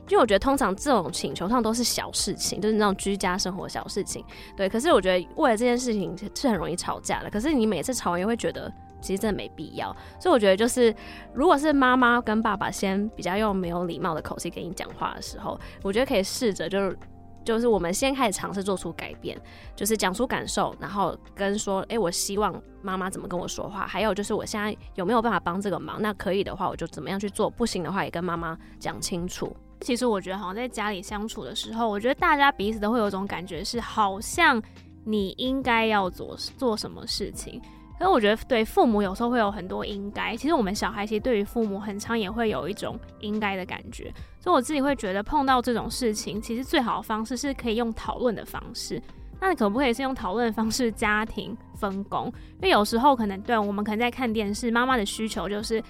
因為我覺得通常這種請求上都是小事情，就是那種居家生活小事情，對。可是我覺得為了這件事情是很容易吵架的。可是你每次吵完又會覺得其實真的沒必要。所以我覺得就是，如果是媽媽跟爸爸先比較用沒有禮貌的口氣跟你講話的時候，我覺得可以試着就是就是我們先開始嘗試做出改變，就是講出感受，然後跟說，欸，我希望媽媽怎麼跟我說話。還有就是我現在有沒有辦法幫這個忙？那可以的話我就怎麼樣去做？不行的話也跟媽媽講清楚。其實我覺得，好像在家裡相處的時候，我覺得大家彼此都會有一種感覺，是好像你應該要做做什麼事情。可是我覺得，對父母有時候會有很多應該。其實我們小孩其實對於父母，很常也會有一種應該的感覺。所以我自己會覺得，碰到這種事情，其實最好的方式是可以用討論的方式。那你可不可以先用討論的方式家庭分工？因為有時候可能對，我們可能在看電視，媽媽的需求就是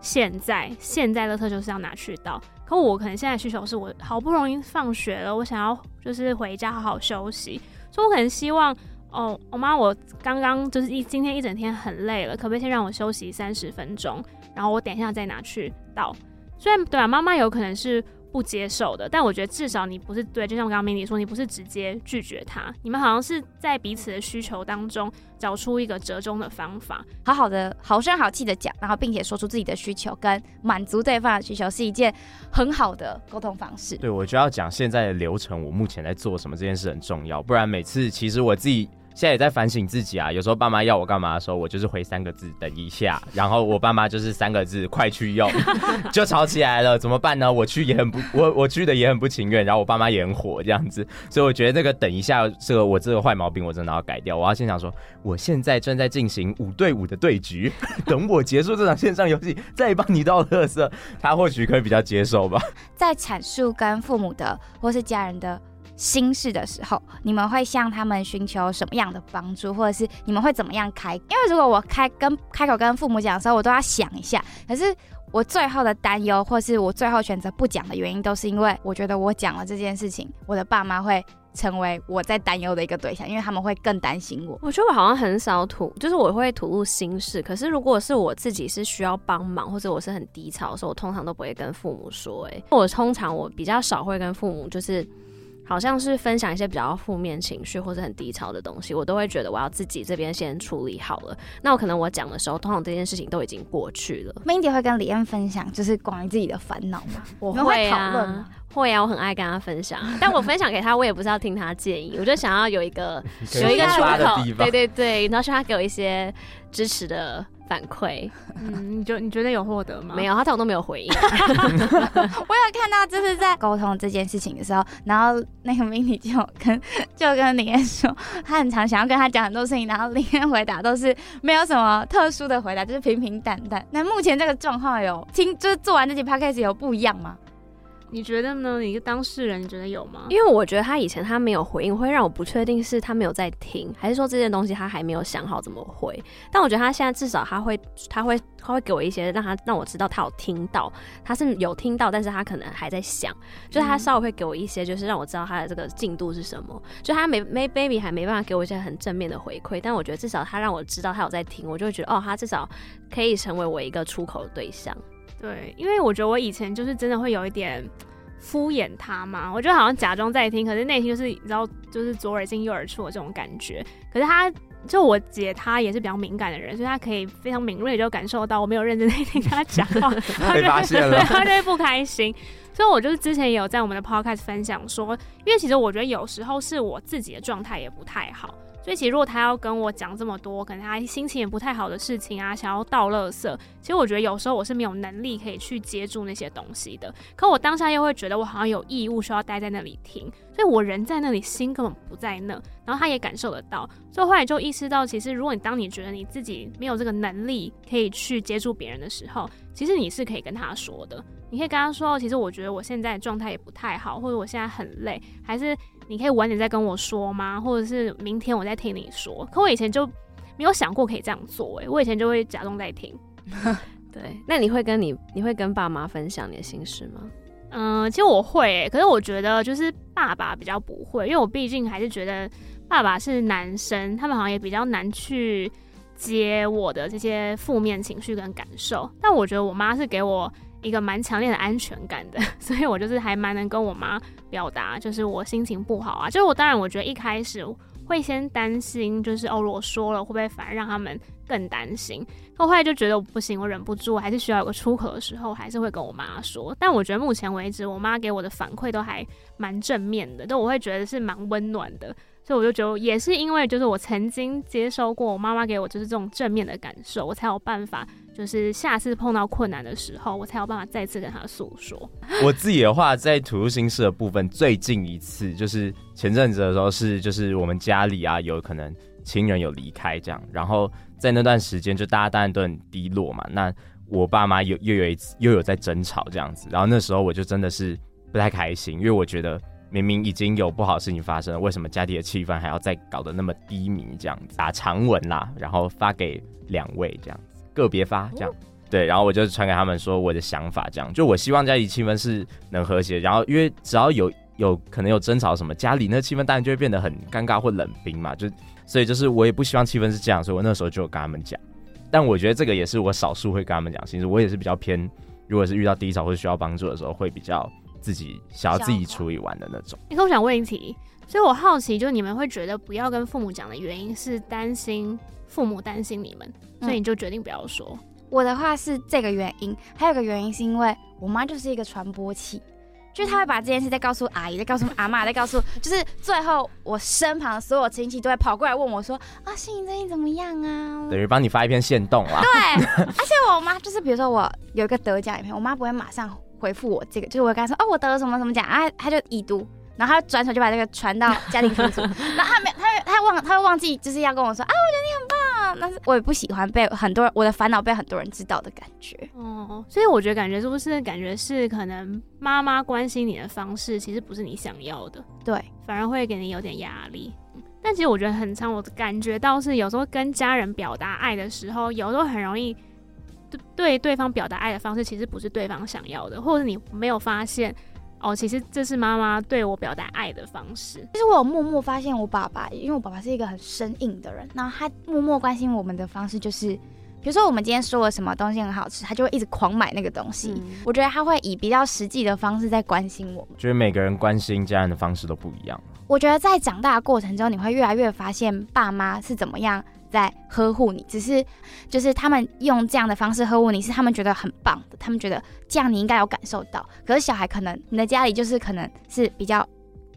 現在現在的特效是要拿去到。哦、我可能現在需求是我好不容易放學了，我想要就是回家好好休息，所以我可能希望哦，我、哦、媽，我剛剛就是一今天一整天很累了，可不可以先讓我休息三十分鐘，然後我等一下再拿去倒？雖然對啊，媽媽有可能是。不接受的，但我覺得至少你不是對，就像我剛剛明 i 說，你不是直接拒絕他，你們好像是在彼此的需求當中找出一個折中的方法，好好的，好聲好氣的講，然後並且說出自己的需求，跟滿足對方的需求是一件很好的溝通方式。對我覺得講現在的流程，我目前在做什麼這件事很重要，不然每次其實我自己。現在也在反省自己啊，有時候爸媽要我幹嘛的時候，我就是回三個字“等一下”，然後我爸媽就是三個字“快去用”，就吵起來了，怎麼辦呢？我去也很不，我我去的也很不情願，然後我爸媽也很火這樣子，所以我覺得這個“等一下”這個我這個壞毛病我真的要改掉，我要先想說，我現在正在進行五對五的對局，等我結束這場線上遊戲，再幫你倒垃圾，他或許可以比較接受吧。在闡述跟父母的或是家人的。心事的時候，你們會向他們尋求什麼樣的幫助，或者是你們會怎麼樣開？因為如果我開跟開口跟父母講的時候，我都要想一下。可是我最後的擔憂，或是我最後選擇不講的原因，都是因為我覺得我講了這件事情，我的爸媽會成為我在擔憂的一個對象，因為他們會更擔心我。我覺得我好像很少吐，就是我會吐露心事。可是如果是我自己是需要幫忙，或者我是很低潮的時候，我通常都不會跟父母說、欸。哎，我通常我比較少會跟父母就是。好像是分享一些比較負面情緒或者很低潮的東西，我都會覺得我要自己這邊先處理好了。那我可能我講的時候，通常這件事情都已經過去了。Mindy 會跟李安分享，就是關於自己的煩惱嗎？我們會討論嗎？會啊，我很愛跟他分享。 但我分享給他，我也不是要聽他建議，我就想要有一個 有一個出口，對對對，然後說他給我一些支持的。反饋，嗯，你覺你覺得有獲得嗎？沒有，他他我都沒有回應。我有看到，就是在溝通這件事情的時候，然後那個 Mindy 就跟就跟 Lianne 說，他很常想要跟他講很多事情，然後 Lianne 回答都是沒有什麼特殊的回答，就是平平淡淡。那目前這個狀況有聽，就是做完這集 podcast 有不一樣嗎？你覺得呢？你一個當事人，你覺得有嗎？因為我覺得他以前他沒有回應，會讓我不確定是他沒有在聽，還是說這件東西他還沒有想好怎麼回。但我覺得他現在至少他會，他會，他會給我一些，讓他讓我知道他有聽到，他是有聽到，但是他可能還在想，就是他稍微會給我一些，就是讓我知道他的這個進度是什麼。就他沒沒 baby 還沒辦法給我一些很正面的回饋，但我覺得至少他讓我知道他有在聽，我就會覺得哦，他至少可以成為我一個出口的對象。對，因為我覺得我以前就是真的會有一點敷衍他嘛，我就好像假裝在聽，可是內心就是你知道，就是左耳進右耳出的這種感覺。可是他，就我姐，她也是比較敏感的人，所以她可以非常敏銳就感受到我沒有認真在聽他講話，被 就， 發現了，她 就會不開心。所以，我就是之前也有在我們的 podcast 分享說，因為其實我覺得有時候是我自己的狀態也不太好。所以其實如果他要跟我講這麼多，可能他心情也不太好的事情啊，想要倒垃圾。其實我覺得有時候我是沒有能力可以去接住那些東西的。可我當下又會覺得我好像有義務需要待在那裡聽，所以我人在那裡，心根本不在那。然後他也感受得到，所以後來就意識到，其實如果你當你覺得你自己沒有這個能力可以去接住別人的時候，其實你是可以跟他說的。你可以跟他說，其實我覺得我現在狀態也不太好，或者我現在很累，還是。你可以晚點再跟我說嗎？或者是明天我再聽你說？可我以前就沒有想過可以這樣做欸，誒，我以前就會假裝在聽。 對，那你會跟你，你會跟爸媽分享你的心事嗎？嗯，其實我會欸，可是我覺得就是爸爸比較不會，因為我畢竟還是覺得爸爸是男生，他們好像也比較難去接我的這些負面情緒跟感受。但我覺得我媽是給我一個蠻強烈的安全感的，所以我就是還蠻能跟我媽表達，就是我心情不好啊。就是我當然我覺得一開始會先擔心，就是哦，如果我說了會不會反而讓他們更擔心。我後來就覺得我不行，我忍不住，我還是需要有個出口的時候，還是會跟我媽說。但我覺得目前為止，我媽給我的反饋都還蠻正面的，都我會覺得是蠻溫暖的。所以我就覺得，也是因為就是我曾經接收過我媽媽給我就是這種正面的感受，我才有辦法，就是下次碰到困難的時候，我才有辦法再次跟她訴說。 我自己的話，在吐露心事的部分，最近一次就是前陣子的時候是就是我們家裡啊有可能親人有離開這樣，然後在那段時間就大家當然都很低落嘛。那我爸媽有又有一次又有在爭吵這樣子，然後那時候我就真的是不太開心，因為我覺得。明明已經有不好的事情發生了，為什麼家裡的氣氛，還要再搞得那麼低迷？這樣子打長文啦，然後發給兩位這樣子，個別發這樣，對，然後我就傳給他們說我的想法這樣，就我希望家裡氣氛是能和諧。然後因為只要有有可能有爭吵什麼，家裡那氣氛當然就會變得很尷尬或冷冰嘛，就所以就是我也不希望氣氛是這樣，所以我那時候就有跟他們講。但我覺得這個也是我少數會跟他們講，其實我也是比較偏，如果是遇到低潮或者需要幫助的時候，會比較。自己想要自己處理完的那種。你看，我想問一題，所以我好奇，就是你們會覺得不要跟父母講的原因是擔心父母擔心你們？嗯、所以你就決定不要說。我的話是這個原因，還有一個原因是因為我媽就是一個傳播器，就是她會把這件事再告訴阿姨，再告訴阿嬤，再告訴， 就是最後我身旁的所有親戚都會跑過來問我說：“啊，心情最近怎麼樣啊？”等於幫你發一篇限動啊。對， 而且我媽就是，比如說我有一個得獎影片，我媽不會馬上。回復我這個，就是我跟他說哦，我得了什麼什麼獎啊，他就已讀，然後他轉手就把這個傳到家庭群組， 然後他沒他沒他忘他會忘，忘記，就是要跟我說啊，我覺得你很棒，但是我也不喜歡被很多人，我的煩惱被很多人知道的感覺。哦，所以我覺得感覺是不是感覺是可能媽媽關心你的方式，其實不是你想要的，對，反而會給你有點壓力。但其實我覺得很常，我感覺到是有時候跟家人表達愛的時候，有時候很容易。對對方表達愛的方式其實不是對方想要的，或者你沒有發現哦，其實這是媽媽對我表達愛的方式。其實我有默默發現，我爸爸因為我爸爸是一個很生硬的人，然後他默默關心我們的方式就是，比如說我們今天說了什麼東西很好吃，他就會一直狂買那個東西。嗯、我覺得他會以比較實際的方式在關心我們。覺得每個人關心家人的方式都不一樣。我覺得在長大的過程中，你會越來越發現爸媽是怎麼樣在呵護你，只是就是他們用這樣的方式呵護你，是他們覺得很棒的，他們覺得這樣你應該有感受到。可是小孩可能，你的家裡就是可能是比較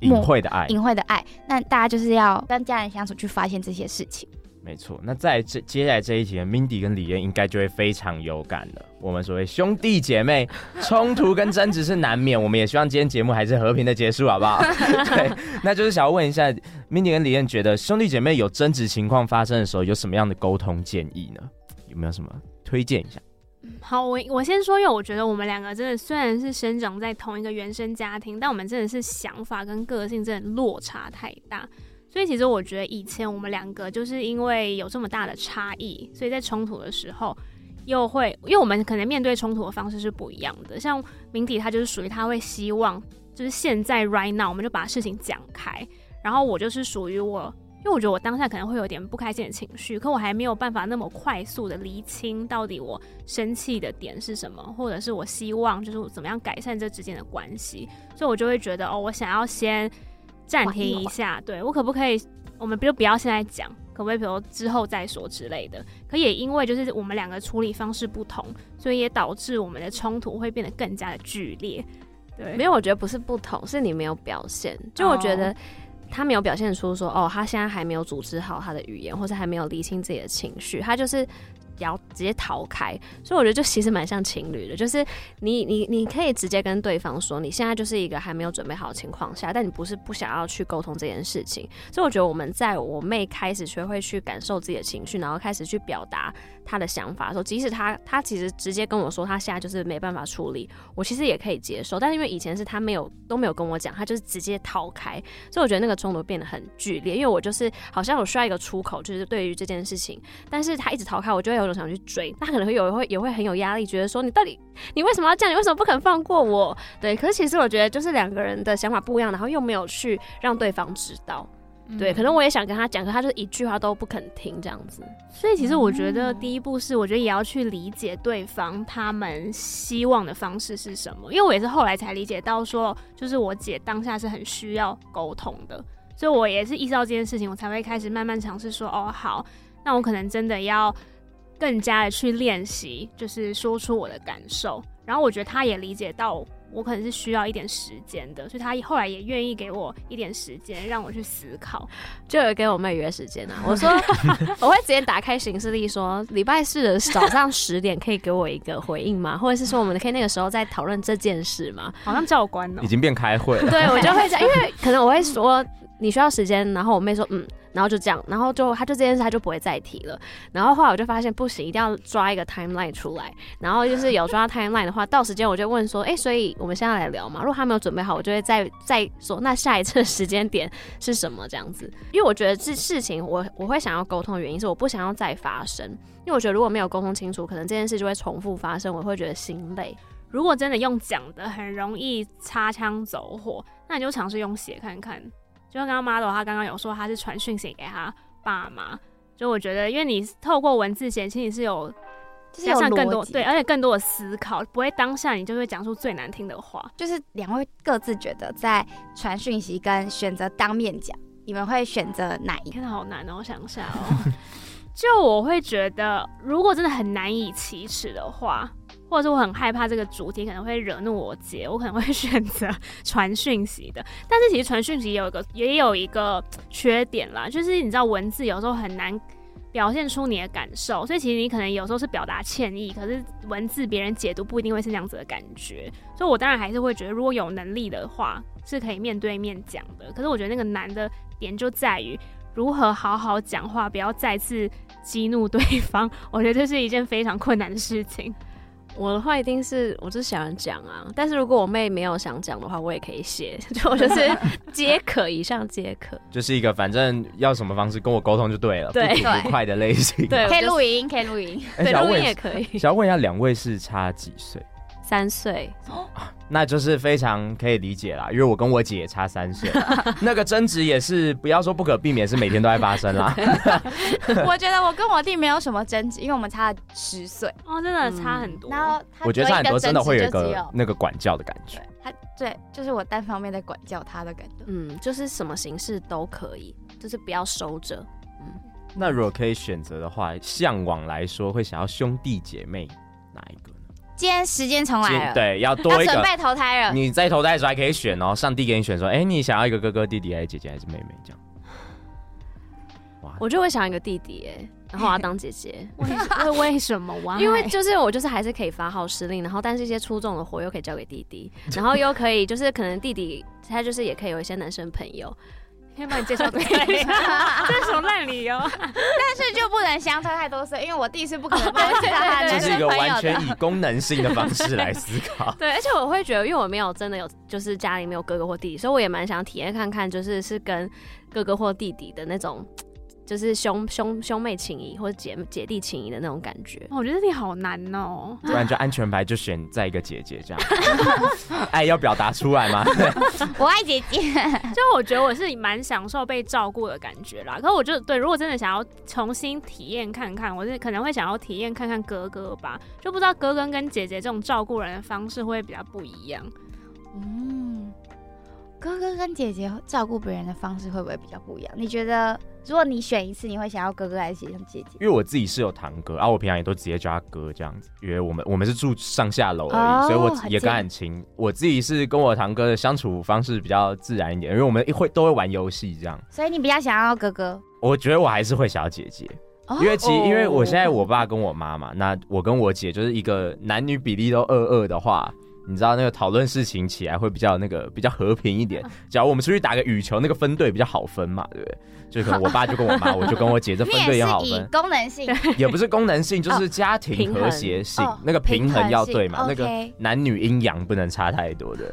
隱晦的愛，隱晦的愛。那大家就是要跟家人相處，去發現這些事情。沒錯，那在這接下來這一集 Mindy 跟 Lianne 應該就會非常有感了。我們所謂兄弟姐妹衝突跟爭執是難免， 我們也希望今天節目還是和平的結束，好不好？ 對，那就是想要問一下，Mindy 跟 Lianne 覺得兄弟姐妹有爭執情況發生的時候，有什麼樣的溝通建議呢？有沒有什麼推薦一下、嗯？好，我我先說，因為我覺得我們兩個真的雖然是生長在同一個原生家庭，但我們真的是想法跟個性真的落差太大。所以其實我覺得以前我們兩個就是因為有這麼大的差異，所以在衝突的時候又會，因為我們可能面對衝突的方式是不一樣的。像 Mindy 他就是屬於他會希望就是現在 right now 我們就把事情講開，然後我就是屬於我，因為我覺得我當下可能會有點不開心的情緒，可我還沒有辦法那麼快速的釐清到底我生氣的點是什麼，或者是我希望就是怎麼樣改善這之間的關係，所以我就會覺得哦，我想要先。暫停一下，對我可不可以？我們不就不要現在講，可不可以？比如之後再說之類的。可也因為就是我們兩個處理方式不同，所以也導致我們的衝突會變得更加的劇烈。對，沒有，我覺得不是不同，是你沒有表現。就我覺得他沒有表現出說，oh. 哦，他現在還沒有組織好他的語言，或是還沒有理清自己的情緒，他就是。要直接逃開，所以我覺得就其實蠻像情侶的，就是你你你可以直接跟對方說，你現在就是一個還沒有準備好的情況下，但你不是不想要去溝通這件事情，所以我覺得我們在我妹開始學會去感受自己的情緒，然後開始去表達。他的想法說，即使他他其實直接跟我說，他現在就是沒辦法處理，我其實也可以接受。但是因為以前是他沒有都沒有跟我講，他就是直接逃開，所以我覺得那個衝突變得很劇烈。因為我就是好像我需要一個出口，就是對於這件事情，但是他一直逃開，我就會有種想去追。那他可能會有會也會很有壓力，覺得說你到底你為什麼要這樣，你為什麼不肯放過我？對，可是其實我覺得就是兩個人的想法不一樣，然後又沒有去讓對方知道。對，可能我也想跟他講，可他就是一句話都不肯聽這樣子。嗯、所以其實我覺得第一步是，我覺得也要去理解對方他們希望的方式是什麼？因為我也是後來才理解到，說就是我姐當下是很需要溝通的，所以我也是意識到這件事情，我才會開始慢慢嘗試說，哦好，那我可能真的要更加的去練習，就是說出我的感受。然後我覺得他也理解到我，我可能是需要一點時間的，所以他後來也願意給我一點時間讓我去思考。就有給我妹約時間啊，我說 我會直接打開行事曆，說禮拜四的早上十點可以給我一個回應嗎？或者是說我們可以那個時候再討論這件事嗎？好像教官呢，已經變開會了。對， 我就會這樣，因為可能我會說你需要時間，然後我妹說嗯。然後就這樣，然後就他就這件事他就不會再提了。然後後來我就發現不行，一定要抓一個 timeline 出來。然後就是有抓到 timeline 的話，到時間我就問說：哎，所以我們現在來聊嘛。如果他沒有準備好，我就會再再說。那下一次的時間點是什麼？這樣子，因為我覺得這事情我我會想要溝通的原因是，我不想要再發生。因為我覺得如果沒有溝通清楚，可能這件事就會重複發生，我會覺得心累。如果真的用講的很容易擦槍走火，那你就嘗試用寫看看。就剛剛 m o d 她剛剛有說她是傳訊息給她爸媽，就我覺得因為你透過文字寫，其實你是有就是有更多對，而且更多的思考，不會當下你就會講出最難聽的話。就是兩位各自覺得在傳訊息跟選擇當面講，你們會選擇哪一個？真的好難哦、喔，我想想哦、喔，就我會覺得如果真的很難以啟齒的話。或者是我很害怕這個主題可能會惹怒我姐，我可能會選擇傳訊息的。但是其實傳訊息也有一個也有一個缺點啦，就是你知道文字有時候很難表現出你的感受，所以其實你可能有時候是表達歉意，可是文字別人解讀不一定會是這樣子的感覺。所以我當然還是會覺得，如果有能力的話是可以面對面講的。可是我覺得那個難的點就在於如何好好講話，不要再次激怒對方。我覺得這是一件非常困難的事情。我的話一定是我是想講啊，但是如果我妹沒有想講的話，我也可以寫，就就是皆可，以上皆可， 就是一個反正要什麼方式跟我溝通就對了，對，愉快的類型，啊，對，可以錄音，可以錄音，想問，對，錄音也可以。想要問一下，兩位是差幾歲？三歲、哦，那就是非常可以理解啦，因為我跟我姐也差三歲， 那個爭執也是不要說不可避免， 是每天都在發生啦。 我覺得我跟我弟沒有什麼爭執，因為我們差了十歲，哦，真的差很多。嗯、然後我覺得差很多真的會有一個有那個管教的感覺。他對，就是我單方面的管教他的感覺。嗯，就是什麼形式都可以，就是不要收着。嗯，那如果可以選擇的話，向往來說會想要兄弟姐妹哪一？今天時間重來了，對，要多一個 準備投胎了。你在投胎的時候還可以選哦，上帝給你選說，哎、欸，你想要一個哥哥、弟弟，還是姐姐，還是妹妹？這樣， 我就會想一個弟弟，哎，然後我要當姐姐， 為為什麼？哇！ 因為就是我就是還是可以發號施令，然後但是一些粗重的活又可以交給弟弟，然後又可以就是可能弟弟他就是也可以有一些男生朋友。先幫你介紹，對，這是什麼爛理由？ 但是就不能相差太多歲，因為我弟是不可能的。 對對對，這是一個完全以功能性的方式來思考 對。對，而且我會覺得，因為我沒有真的有，就是家裡沒有哥哥或弟弟，所以我也蠻想體驗看看，就是是跟哥哥或弟弟的那種。就是兄兄兄妹情誼或者姐姐弟情誼的那種感覺，我覺得你好難哦、喔。不然就安全牌，就選在一個姐姐這樣。愛 哎、要表達出來嗎？ 我愛姐姐。就我覺得我是蠻享受被照顧的感覺啦。可是我就對，如果真的想要重新體驗看看，我是可能會想要體驗看看哥哥吧。就不知道哥哥跟姐姐這種照顧人的方式會不會比較不一樣。嗯。哥哥跟姐姐照顧別人的方式會不會比較不一樣？你覺得，如果你選一次，你會想要哥哥還是姐姐？因為我自己是有堂哥，然、啊、後我平常也都直接叫他哥這樣子，因為我們我們是住上下樓而已，oh, 所以我接也跟很親。我自己是跟我堂哥的相處方式比較自然一點，因為我們會都會玩遊戲這樣。所以你比較想要哥哥？我覺得我還是會想要姐姐，oh, 因為其實、oh, 因為我現在我爸跟我媽嘛，oh. 那我跟我姐就是一個男女比例都二二的話，你知道那個討論事情起來會比較那個比較和平一點。假如我們出去打個羽球，那個分隊比較好分嘛，對不對？就可能我爸就跟我媽， 我就跟我姐，這分隊也好分。功能性也不是功能性，就是家庭和諧性，哦、平衡。那個平衡要對嘛，哦、平衡性。那個男女陰陽不能差太多，對。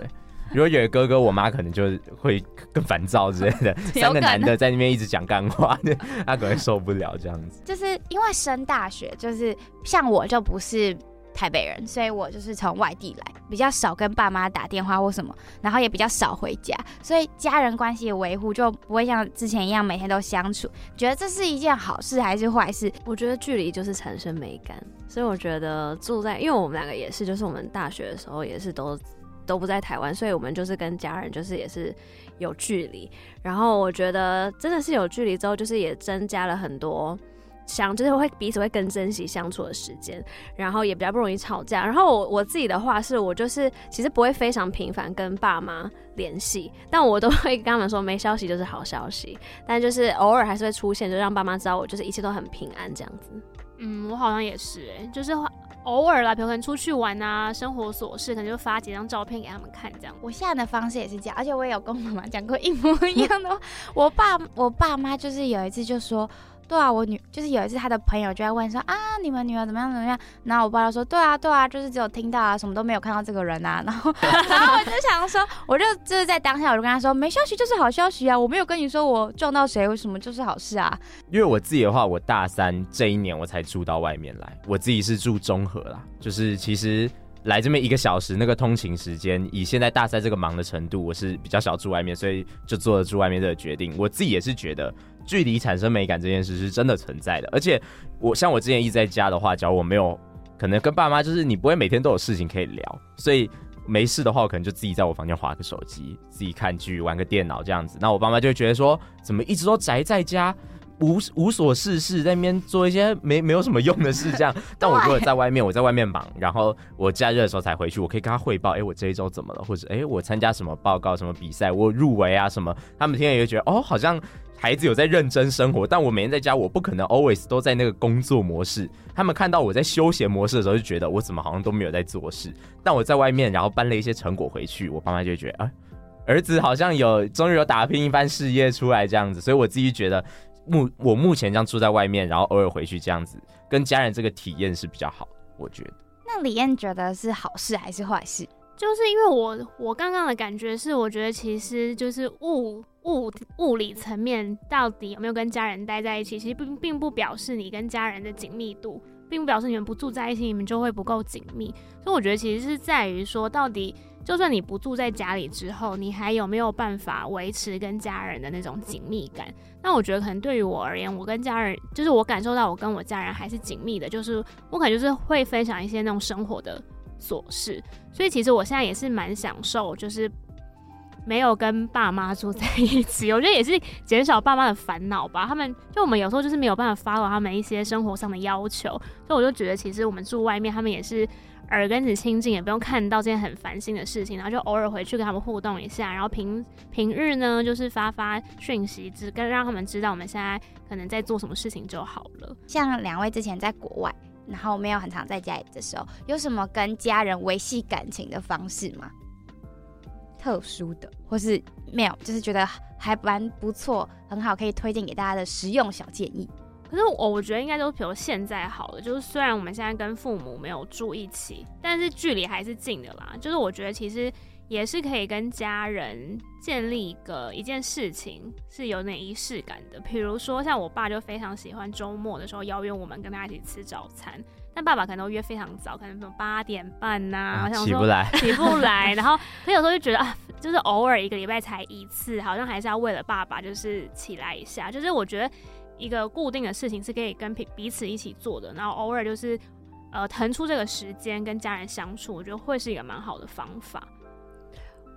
如果有個哥哥，我媽可能就會更煩躁之類的。 三個男的在那邊一直講幹話， 他可能受不了這樣子。就是因為升大學，就是像我就不是。台北人，所以我就是從外地來，比較少跟爸媽打電話或什麼，然後也比較少回家，所以家人關係的維護就不會像之前一樣每天都相處。覺得這是一件好事還是壞事？我覺得距離就是產生美感，所以我覺得住在，因為我們兩個也是，就是我們大學的時候也是都都不在台灣，所以我們就是跟家人就是也是有距離，然後我覺得真的是有距離之後，就是也增加了很多。想就是會彼此會更珍惜相處的時間，然後也比較不容易吵架。然後我我自己的話是我就是其實不會非常頻繁跟爸媽聯繫，但我都會跟他們說沒消息就是好消息，但就是偶爾還是會出現，就讓爸媽知道我就是一切都很平安這樣子。嗯，我好像也是、欸，哎，就是偶爾啦，比如說可能出去玩啊，生活瑣事可能就發幾張照片給他們看這樣子。我現在的方式也是這樣，而且我也有跟媽媽講過一模一樣的話 我。我爸我爸媽就是有一次就說。對啊，我女就是有一次，她的朋友就在問說啊，你們女兒怎麼樣怎麼樣？然後我爸爸說，對啊對啊，就是只有聽到啊，什麼都沒有看到這個人啊。然後， 然後我就想說，我就就是在當下，我就跟他說，沒消息就是好消息啊。我沒有跟你說我撞到誰，為什麼就是好事啊？因為我自己的話，我大三這一年我才住到外面來，我自己是住中和啦，就是其實來這麼一個小時那個通勤時間，以現在大三這個忙的程度，我是比較少住外面，所以就做了住外面這個決定。我自己也是覺得。距離產生美感這件事是真的存在的，而且我像我之前一直在家的話，假如我沒有可能跟爸媽，就是你不會每天都有事情可以聊，所以沒事的話，我可能就自己在我房間滑個手機，自己看劇，玩個電腦這樣子。那我爸媽就會覺得說，怎麼一直都宅在家？無無所事事，在那邊做一些沒沒有什麼用的事，這樣。但我如果在外面， 對我在外面忙，然後我假日的時候才回去，我可以跟他匯報，哎，我這一周怎麼了，或者哎，我參加什麼報告、什麼比賽，我入圍啊什麼。他們聽了也會覺得，哦，好像孩子有在認真生活。但我每天在家，我不可能 always 都在那個工作模式。他們看到我在休閒模式的時候，就覺得我怎麼好像都沒有在做事。但我在外面，然後搬了一些成果回去，我爸媽就覺得，啊、哎，兒子好像有終於有打拼一番事業出來這樣子。所以我自己覺得。目我目前這樣住在外面，然後偶爾回去這樣子跟家人，這個體驗是比較好的，我覺得。那 Lianne 覺得是好事還是壞事？就是因為我我剛剛的感覺是，我覺得其實就是物物物理層面到底有沒有跟家人待在一起，其實並並不表示你跟家人的緊密度，並不表示你們不住在一起你們就會不夠緊密。所以我覺得其實是在於說到底。就算你不住在家裡之後，你還有沒有辦法維持跟家人的那種緊密感？那我覺得可能對於我而言，我跟家人就是我感受到我跟我家人還是緊密的，就是我可能就是會分享一些那種生活的瑣事，所以其實我現在也是蠻享受，就是。沒有跟爸媽住在一起，我覺得也是減少爸媽的煩惱吧。他們就我們有時候就是沒有辦法 follow 他們一些生活上的要求，所以我就覺得其實我們住外面，他們也是耳根子清淨，也不用看到這件很煩心的事情。然後就偶爾回去跟他們互動一下，然後平平日呢就是發發訊息，只跟讓他們知道我們現在可能在做什麼事情就好了。像兩位之前在國外，然後沒有很常在家裡的時候，有什麼跟家人維繫感情的方式嗎？特殊的，或是沒有，就是覺得還蠻不錯，很好，可以推薦給大家的實用小建議。可是我我覺得應該都比如現在好了。就是雖然我們現在跟父母沒有住一起，但是距離還是近的啦。就是我覺得其實也是可以跟家人建立一個一件事情是有點儀式感的。比如說像我爸就非常喜歡周末的時候邀約我們跟他一起吃早餐。但爸爸可能都約非常早，可能從八點半吶、啊，嗯、說起不來，起不來。 然後，所以有時候就覺得啊，就是偶爾一個禮拜才一次，好像還是要為了爸爸就是起來一下。就是我覺得一個固定的事情是可以跟彼彼此一起做的，然後偶爾就是呃騰出這個時間跟家人相處，我覺得會是一個蠻好的方法。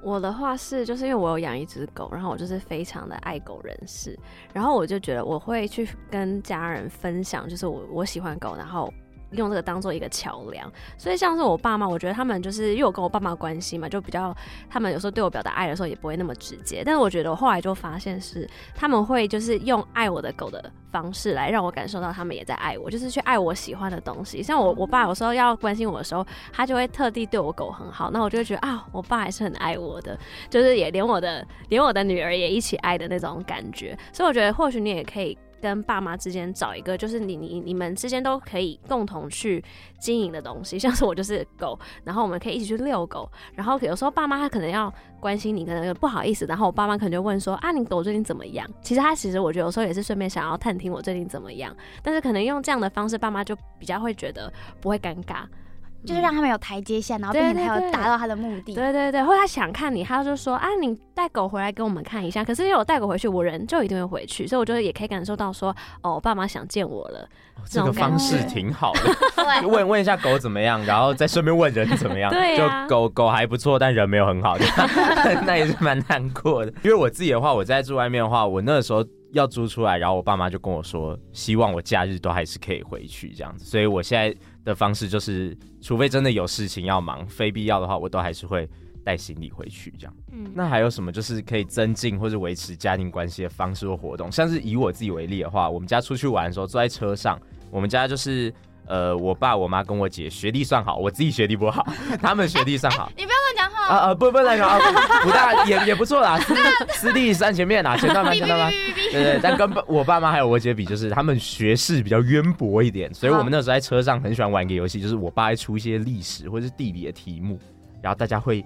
我的話是，就是因為我有養一隻狗，然後我就是非常的愛狗人士，然後我就覺得我會去跟家人分享，就是我我喜歡狗，然後。用這個當作一個橋樑，所以像是我爸媽，我覺得他們就是因為我跟我爸媽關係嘛，就比較他們有時候對我表達愛的時候也不會那麼直接。但是我覺得我後來就發現是他們會就是用愛我的狗的方式來讓我感受到他們也在愛我，就是去愛我喜歡的東西。像我我爸有時候要關心我的時候，他就會特地對我狗很好，那我就會覺得啊，我爸還是很愛我的，就是也連我的連我的女兒也一起愛的那種感覺。所以我覺得或許你也可以跟爸媽之間找一個，就是你你你們之間都可以共同去經營的東西，像是我就是狗，然後我們可以一起去遛狗，然後有時候爸媽他可能要關心你，可能有點不好意思，然後我爸媽可能就問說啊，你狗最近怎麼樣？其實他其實我覺得有時候也是順便想要探聽我最近怎麼樣，但是可能用這樣的方式，爸媽就比較會覺得不會尷尬。就是讓他們有台階下，然後並且他有達到他的目的。對對對，或是他想看你，他就說啊，你帶狗回來給我們看一下。可是因為我帶狗回去，我人就一定會回去，所以我覺得也可以感受到說，哦，爸媽想見我了。哦、這，這個方式挺好的，問對問一下狗怎麼樣， 啊、然後再順便問人怎麼樣。 對、啊，就狗狗還不錯，但人沒有很好，對 那也是蠻難過的。因為我自己的話，我在住外面的話，我那個時候要租出來，然後我爸媽就跟我說，希望我假日都還是可以回去這樣子。所以我現在的方式就是，除非真的有事情要忙，非必要的話，我都還是會帶行李回去這樣。嗯，那還有什麼就是可以增進或者維持家庭關係的方式或活動？像是以我自己為例的話，我們家出去玩的時候，坐在車上，我們家就是呃，我爸、我媽跟我姐學歷算好，我自己學歷不好，他們學歷算好。欸欸，你不要。 啊啊不不那個啊不大， 也也不錯啦師弟三前面啦、啊、前段班 前段班對對，對，對，但跟我爸媽還有我姐比，就是他們學識比較淵博一點，所以我們那時候在車上很喜歡玩一個遊戲，就是我爸愛出一些歷史或者是地理的題目，然後大家會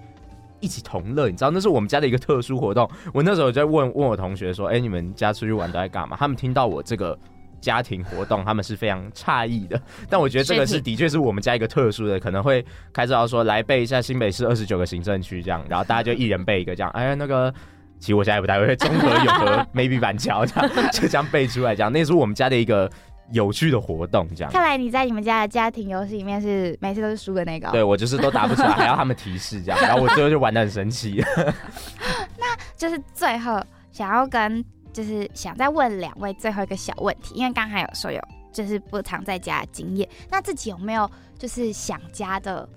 一起同樂，你知道那是我們家的一個特殊活動。我那時候就在問問我同學說哎、欸、你們家出去玩都在幹嘛？他們聽到我這個。家庭活動，他們是非常詫異的，但我覺得這個是，是挺的確是我們家一個特殊的，可能會開始要說來背一下新北市二十九個行政區這樣，然後大家就一人背一個這樣， 哎，那個其實我現在也不太會，中和、永和、maybe 板橋這樣 就這樣背出來，這樣那是、個、我們家的一個有趣的活動這樣。看來你在你們家的家庭遊戲裡面是每次都是輸的那個，對我就是都答不出來，還要他們提示這樣， 然後我最後就玩得很神奇， 那就是最後想要跟。就是想再問兩位最後一個小問題，因為剛才有說有就是不常在家的經驗，那自己有沒有就是想家的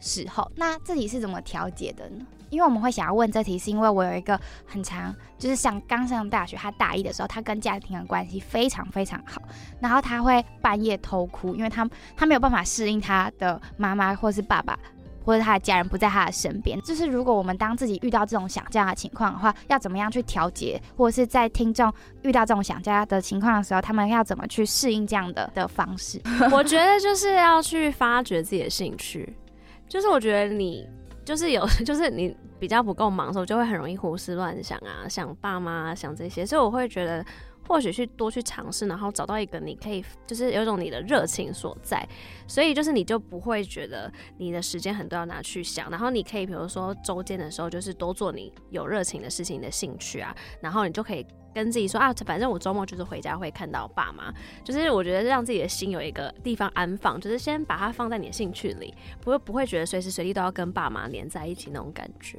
時候？那自己是怎麼調節的呢？因為我們會想要問這題，是因為我有一個很長，就是像剛上大學，他大一的時候，他跟家庭的關係非常非常好，然後他會半夜偷哭，因為他他沒有辦法適應他的媽媽或是爸爸。或者他的家人不在他的身邊，就是如果我們當自己遇到這種想家的情況的話，要怎麼樣去調節，或者是在聽眾遇到這種想家的情況的時候，他們要怎麼去適應這樣的的方式？ 我覺得就是要去發掘自己的興趣，就是我覺得你就是有，就是你比較不夠忙的時候，就會很容易胡思亂想啊，想爸媽啊，想這些，所以我會覺得。或許去多去嘗試，然後找到一個你可以，就是有一種你的熱情所在，所以就是你就不會覺得你的時間很多要拿去想，然後你可以比如說周間的時候，就是多做你有熱情的事情、的興趣啊，然後你就可以跟自己說啊，反正我周末就是回家會看到爸媽，就是我覺得讓自己的心有一個地方安放，就是先把它放在你的興趣裡，不會不會覺得隨時隨地都要跟爸媽黏在一起那種感覺。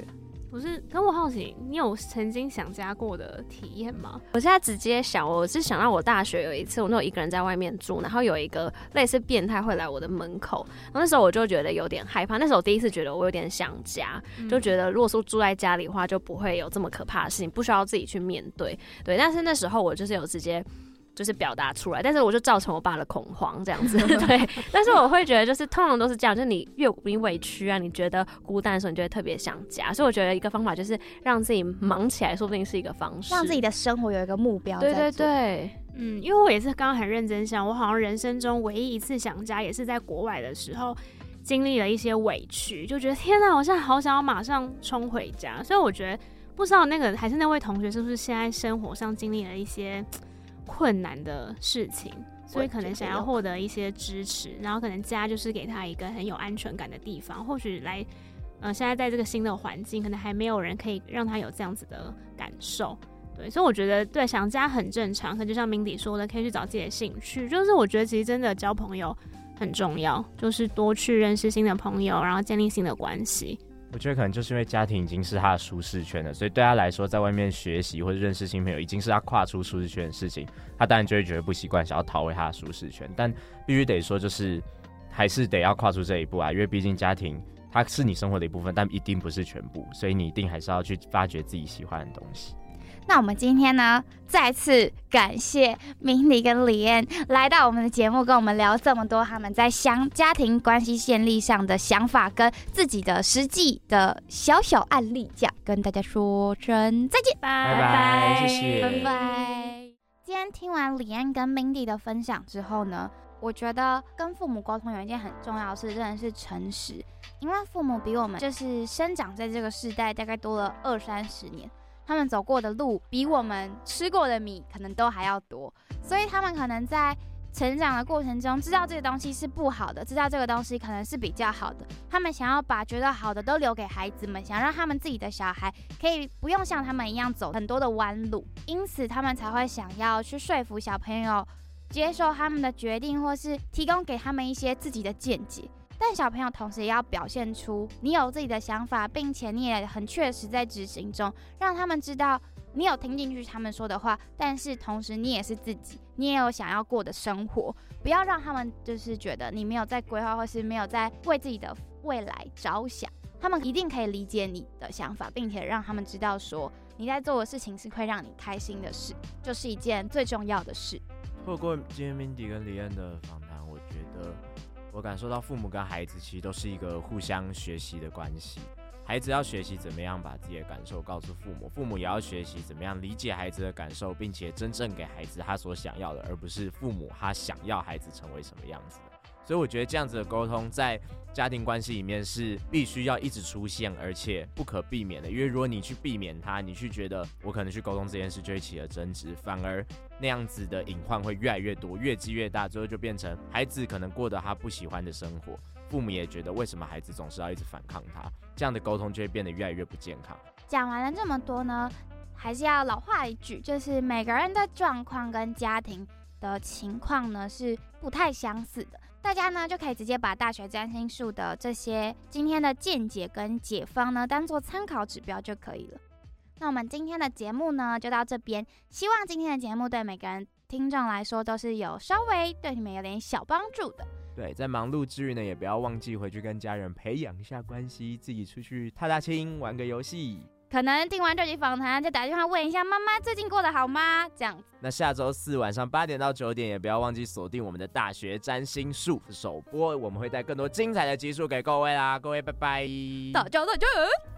不是，但我好奇，你有曾經想家過的體驗嗎？我現在直接想，我是想到我大學有一次，我有一個人在外面住，然後有一個類似變態會來我的門口，那時候我就覺得有點害怕。那時候我第一次覺得我有點想家，嗯、就覺得如果說住在家裡的話，就不會有這麼可怕的事情，不需要自己去面對。對，但是那時候我就是有直接。就是表達出來，但是我就造成我爸的恐慌這樣子。 對，但是我會覺得，就是 通常都是這樣，就是你越你委屈啊，你覺得孤單的時候，你覺得特別想家。嗯、所以我覺得一個方法就是讓自己忙起來，說不定是一個方式，讓自己的生活有一個目標。對對對，做嗯，因為我也是剛剛很認真想，我好像人生中唯一一次想家，也是在國外的時候經歷了一些委屈，就覺得天哪、啊，我現在好想要馬上衝回家。所以我覺得，不知道那個還是那位同學，是不是現在生活上經歷了一些。困難的事情，所以可能想要獲得一些支持，然後可能家就是給他一個很有安全感的地方，或許來，呃，現在在這個新的環境，可能還沒有人可以讓他有這樣子的感受，對，所以我覺得對想家很正常，可就像明迪說的，可以去找自己的興趣，就是我覺得其實真的交朋友很重要，就是多去認識新的朋友，然後建立新的關係。我覺得可能就是因為家庭已經是他的舒適圈了，所以對他來說，在外面學習或者認識新朋友，已經是他跨出舒適圈的事情。他當然就會覺得不習慣，想要逃回他的舒適圈。但必須得說，就是還是得要跨出這一步啊，因為畢竟家庭它是你生活的一部分，但一定不是全部，所以你一定還是要去發掘自己喜歡的東西。那我們今天呢，再次感謝 Mindy 跟 Lianne 來到我們的節目，跟我們聊這麼多他們在家家庭關係建立上的想法，跟自己的實際的小小案例，這樣跟大家說聲再見，拜拜，謝謝，拜拜 bye。今天聽完 Lianne 跟 Mindy 的分享之後呢，我覺得跟父母溝通有一件很重要的事，真的是誠實，因為父母比我們就是生長在這個世代，大概多了二三十年。他們走過的路比我們吃過的米可能都還要多，所以他們可能在成長的過程中知道這個東西是不好的，知道這個東西可能是比較好的。他們想要把覺得好的都留給孩子們，想讓他們自己的小孩可以不用像他們一樣走很多的彎路，因此他們才會想要去說服小朋友接受他們的決定，或是提供給他們一些自己的見解。但小朋友同時也要表現出你有自己的想法，並且你也很確實在執行中，讓他們知道你有聽進去他們說的話。但是同時你也是自己，你也有想要過的生活，不要讓他們就是覺得你沒有在規劃，或是沒有在為自己的未來着想。他們一定可以理解你的想法，並且讓他們知道說你在做的事情是會讓你開心的事，就是一件最重要的事。透過今天 Mindy 跟 Lianne 的訪談，我覺得。我感受到，父母跟孩子其實都是一個互相學習的關係。孩子要學習怎麼樣把自己的感受告訴父母，父母也要學習怎麼樣理解孩子的感受，並且真正給孩子他所想要的，而不是父母他想要孩子成為什麼樣子。所以我覺得這樣子的溝通在家庭關係裡面是必須要一直出現，而且不可避免的。因為如果你去避免它，你去覺得我可能去溝通這件事就會起了爭執，反而那樣子的隱患會越來越多，越積越大，最後就變成孩子可能過得他不喜歡的生活，父母也覺得為什麼孩子總是要一直反抗他，這樣的溝通就會變得越來越不健康。講完了這麼多呢，還是要老話一句，就是每個人的狀況跟家庭的情況呢是不太相似的。大家呢，就可以直接把大學占心術的這些今天的見解跟解方呢，當做參考指標就可以了。那我們今天的節目呢，就到這邊，希望今天的節目對每個人聽眾來說都是有稍微對你們有點小幫助的。對，在忙碌之餘呢，也不要忘記回去跟家人培養一下關係，自己出去踏踏青，玩個遊戲。可能聽完這集訪談，就打電話問一下媽媽最近過得好嗎？這樣子。那下周四晚上八點到九點，也不要忘記鎖定我們的《大學占心術》首播，我們會帶更多精彩的集數給各位啦！各位，拜拜！大家再見。